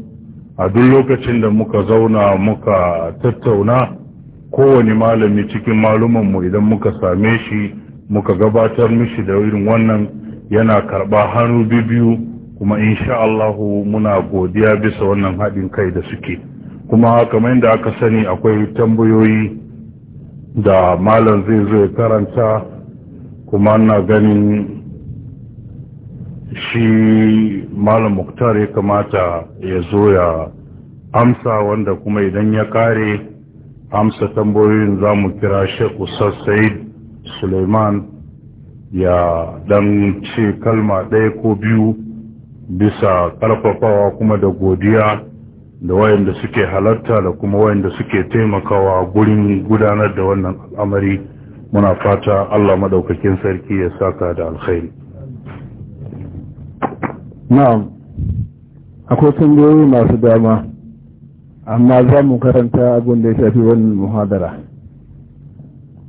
a duk lokacin da muka zauna muka tattauna kowane malami cikin malumanmu idan muka same shi muka gabatar mishi da irin wannan yana karɓa hannu biyu kuma insha Allah muna godiya bisa wannan haɗin kai da suke kuma kamar yadda aka sani akwai tambayoyi da malam zai zo ya karanta kuma na ganin shi malam muktar ya kamata ya zo ya amsa wanda kuma idan ya kare amsa tambayoyin za mu kira sheku said. suleiman ya dan ce kalma ɗaya ko biyu bisa ƙarfafawa kuma da godiya da wayanda suke halarta da kuma wayanda suke taimakawa gurin gudanar da wannan al'amari muna fata Allah maɗaukakin sarki ya saka da alkhairi na'am akwai tambayoyi masu dama amma za mu karanta abin da ya shafi wannan muhadara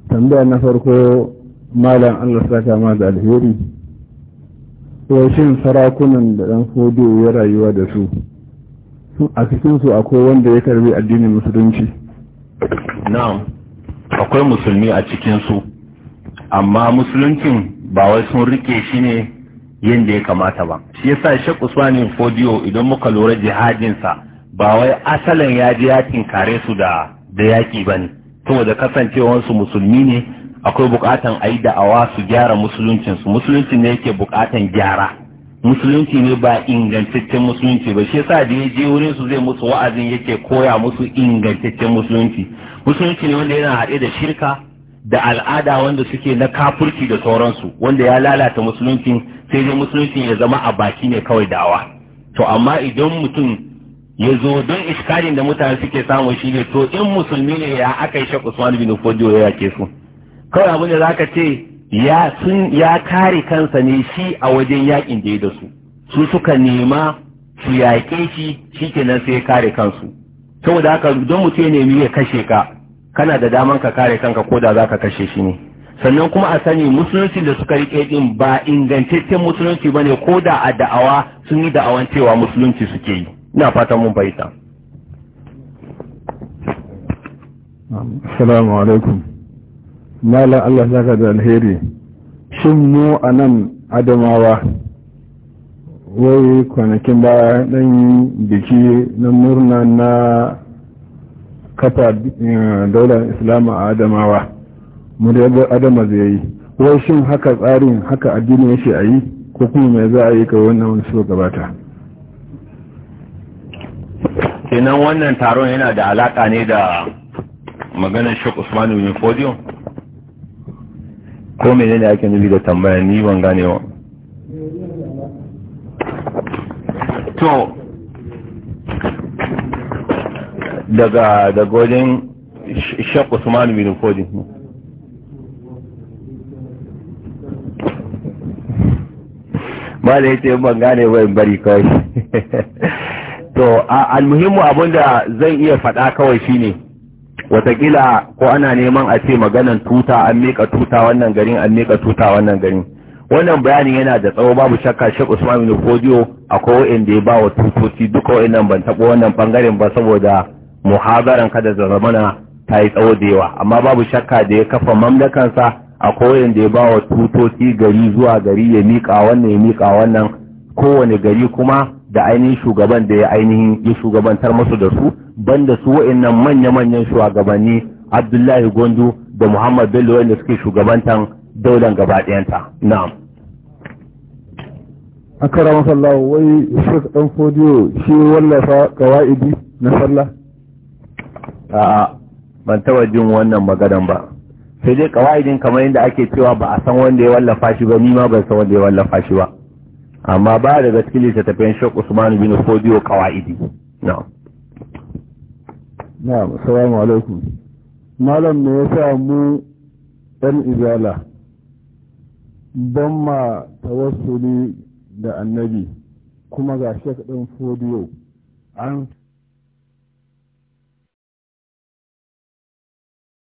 tambaya na farko malam Allah saka ma da alheri shin sarakunan da ɗan fodo ya rayuwa da su a cikinsu akwai wanda ya karbi addinin musulunci na'am akwai musulmi a cikinsu amma musuluncin ba wai sun rike shi ne yadda ya kamata ba shi yasa shek usmanin fodiyo idan muka lura jihadinsa ba wai asalin ya ji yakin kare su da da yaki bane saboda kasancewarsu musulmi ne akwai bukatan a yi da'awa su gyara musuluncinsu musulunci ne yake bukatan gyara musulunci ne ba ingantaccen musulunci ba shi sa da ya je wurin su zai musu wa'azin yake koya musu ingantaccen musulunci musulunci ne wanda yana haɗe da shirka da al'ada wanda suke na kafurci da sauransu wanda ya lalata musulunci sai dai musulunci ya zama a baki ne kawai da'awa to amma idan mutum ya zo don iskarin da mutane suke samu shi ne to in musulmi ne ya aka yi shek usman bin fodiyo ya yake su kawai abin da za ka ce ya sun ya kare kansa ne shi a wajen yakin da ya da su su suka nema su yaƙe shi shi kenan sai ya kare kansu saboda haka don mutum ya nemi ya kashe ka kana da daman ka kare kanka ko da za ka kashe shi ne sannan kuma a sani musulunci da suka riƙe din ba ingantaccen musulunci ba ne ko da a da'awa sun yi da'awan cewa musulunci suke yi ina fatan mun fahimta assalamu alaikum mala Allah zaka da alheri shin mu a nan adamawa wai kwanakin ba ɗan biki na murna na kafa eh, daular islamu a adamawa muryar adama zai yi wai shin haka tsarin haka addini ya ce a yi ko kuma mai za a yi ka wannan wani gabata kenan wannan taron yana da alaka ne da maganar shek usman bin fodiyo ko ne ake nufi da tambaya ni ban ganewa to daga da godin shek usman bin fodiyo ba da ya ce ban gane wai bari kawai [laughs] to almuhimmu da zan iya faɗa kawai shine watakila ko ana neman a ce maganan tuta an miƙa tuta wannan garin an miƙa tuta wannan garin wannan bayanin yana da tsawo babu shakka Sheikh Usman bin a akwai wanda ya bawa tutoci duka wayannan ban taɓa wannan bangaren ba saboda muhazaran kada da zamana ta yi tsawo da yawa amma babu shakka da ya kafa mamlakansa akwai wanda ya bawa tutoci gari zuwa gari ya miƙa wannan ya miƙa wannan kowane gari kuma da ainihin shugaban da ya ainihin ya shugabantar masu da su banda su wa'annan manya-manyan shugabanni Abdullahi Gondo da Muhammad Bello wanda suke shugabantan daular gaba ɗayanta na'am kara masallahu wai shek ɗan fodiyo shi wallafa qawaidi na sallah a'a ban taba jin wannan maganan ba sai dai qawaidin kamar yadda ake cewa ba a san wanda ya wallafa shi ba ni ma ban san wanda ya wallafa shi ba amma ba daga cikin littattafan shek usman bin fodiyo kawaidi na na'am assalamu alaikum malam me yasa mu ɗan izala ban ma tawassuli da annabi kuma ga shek ɗin fodiyo an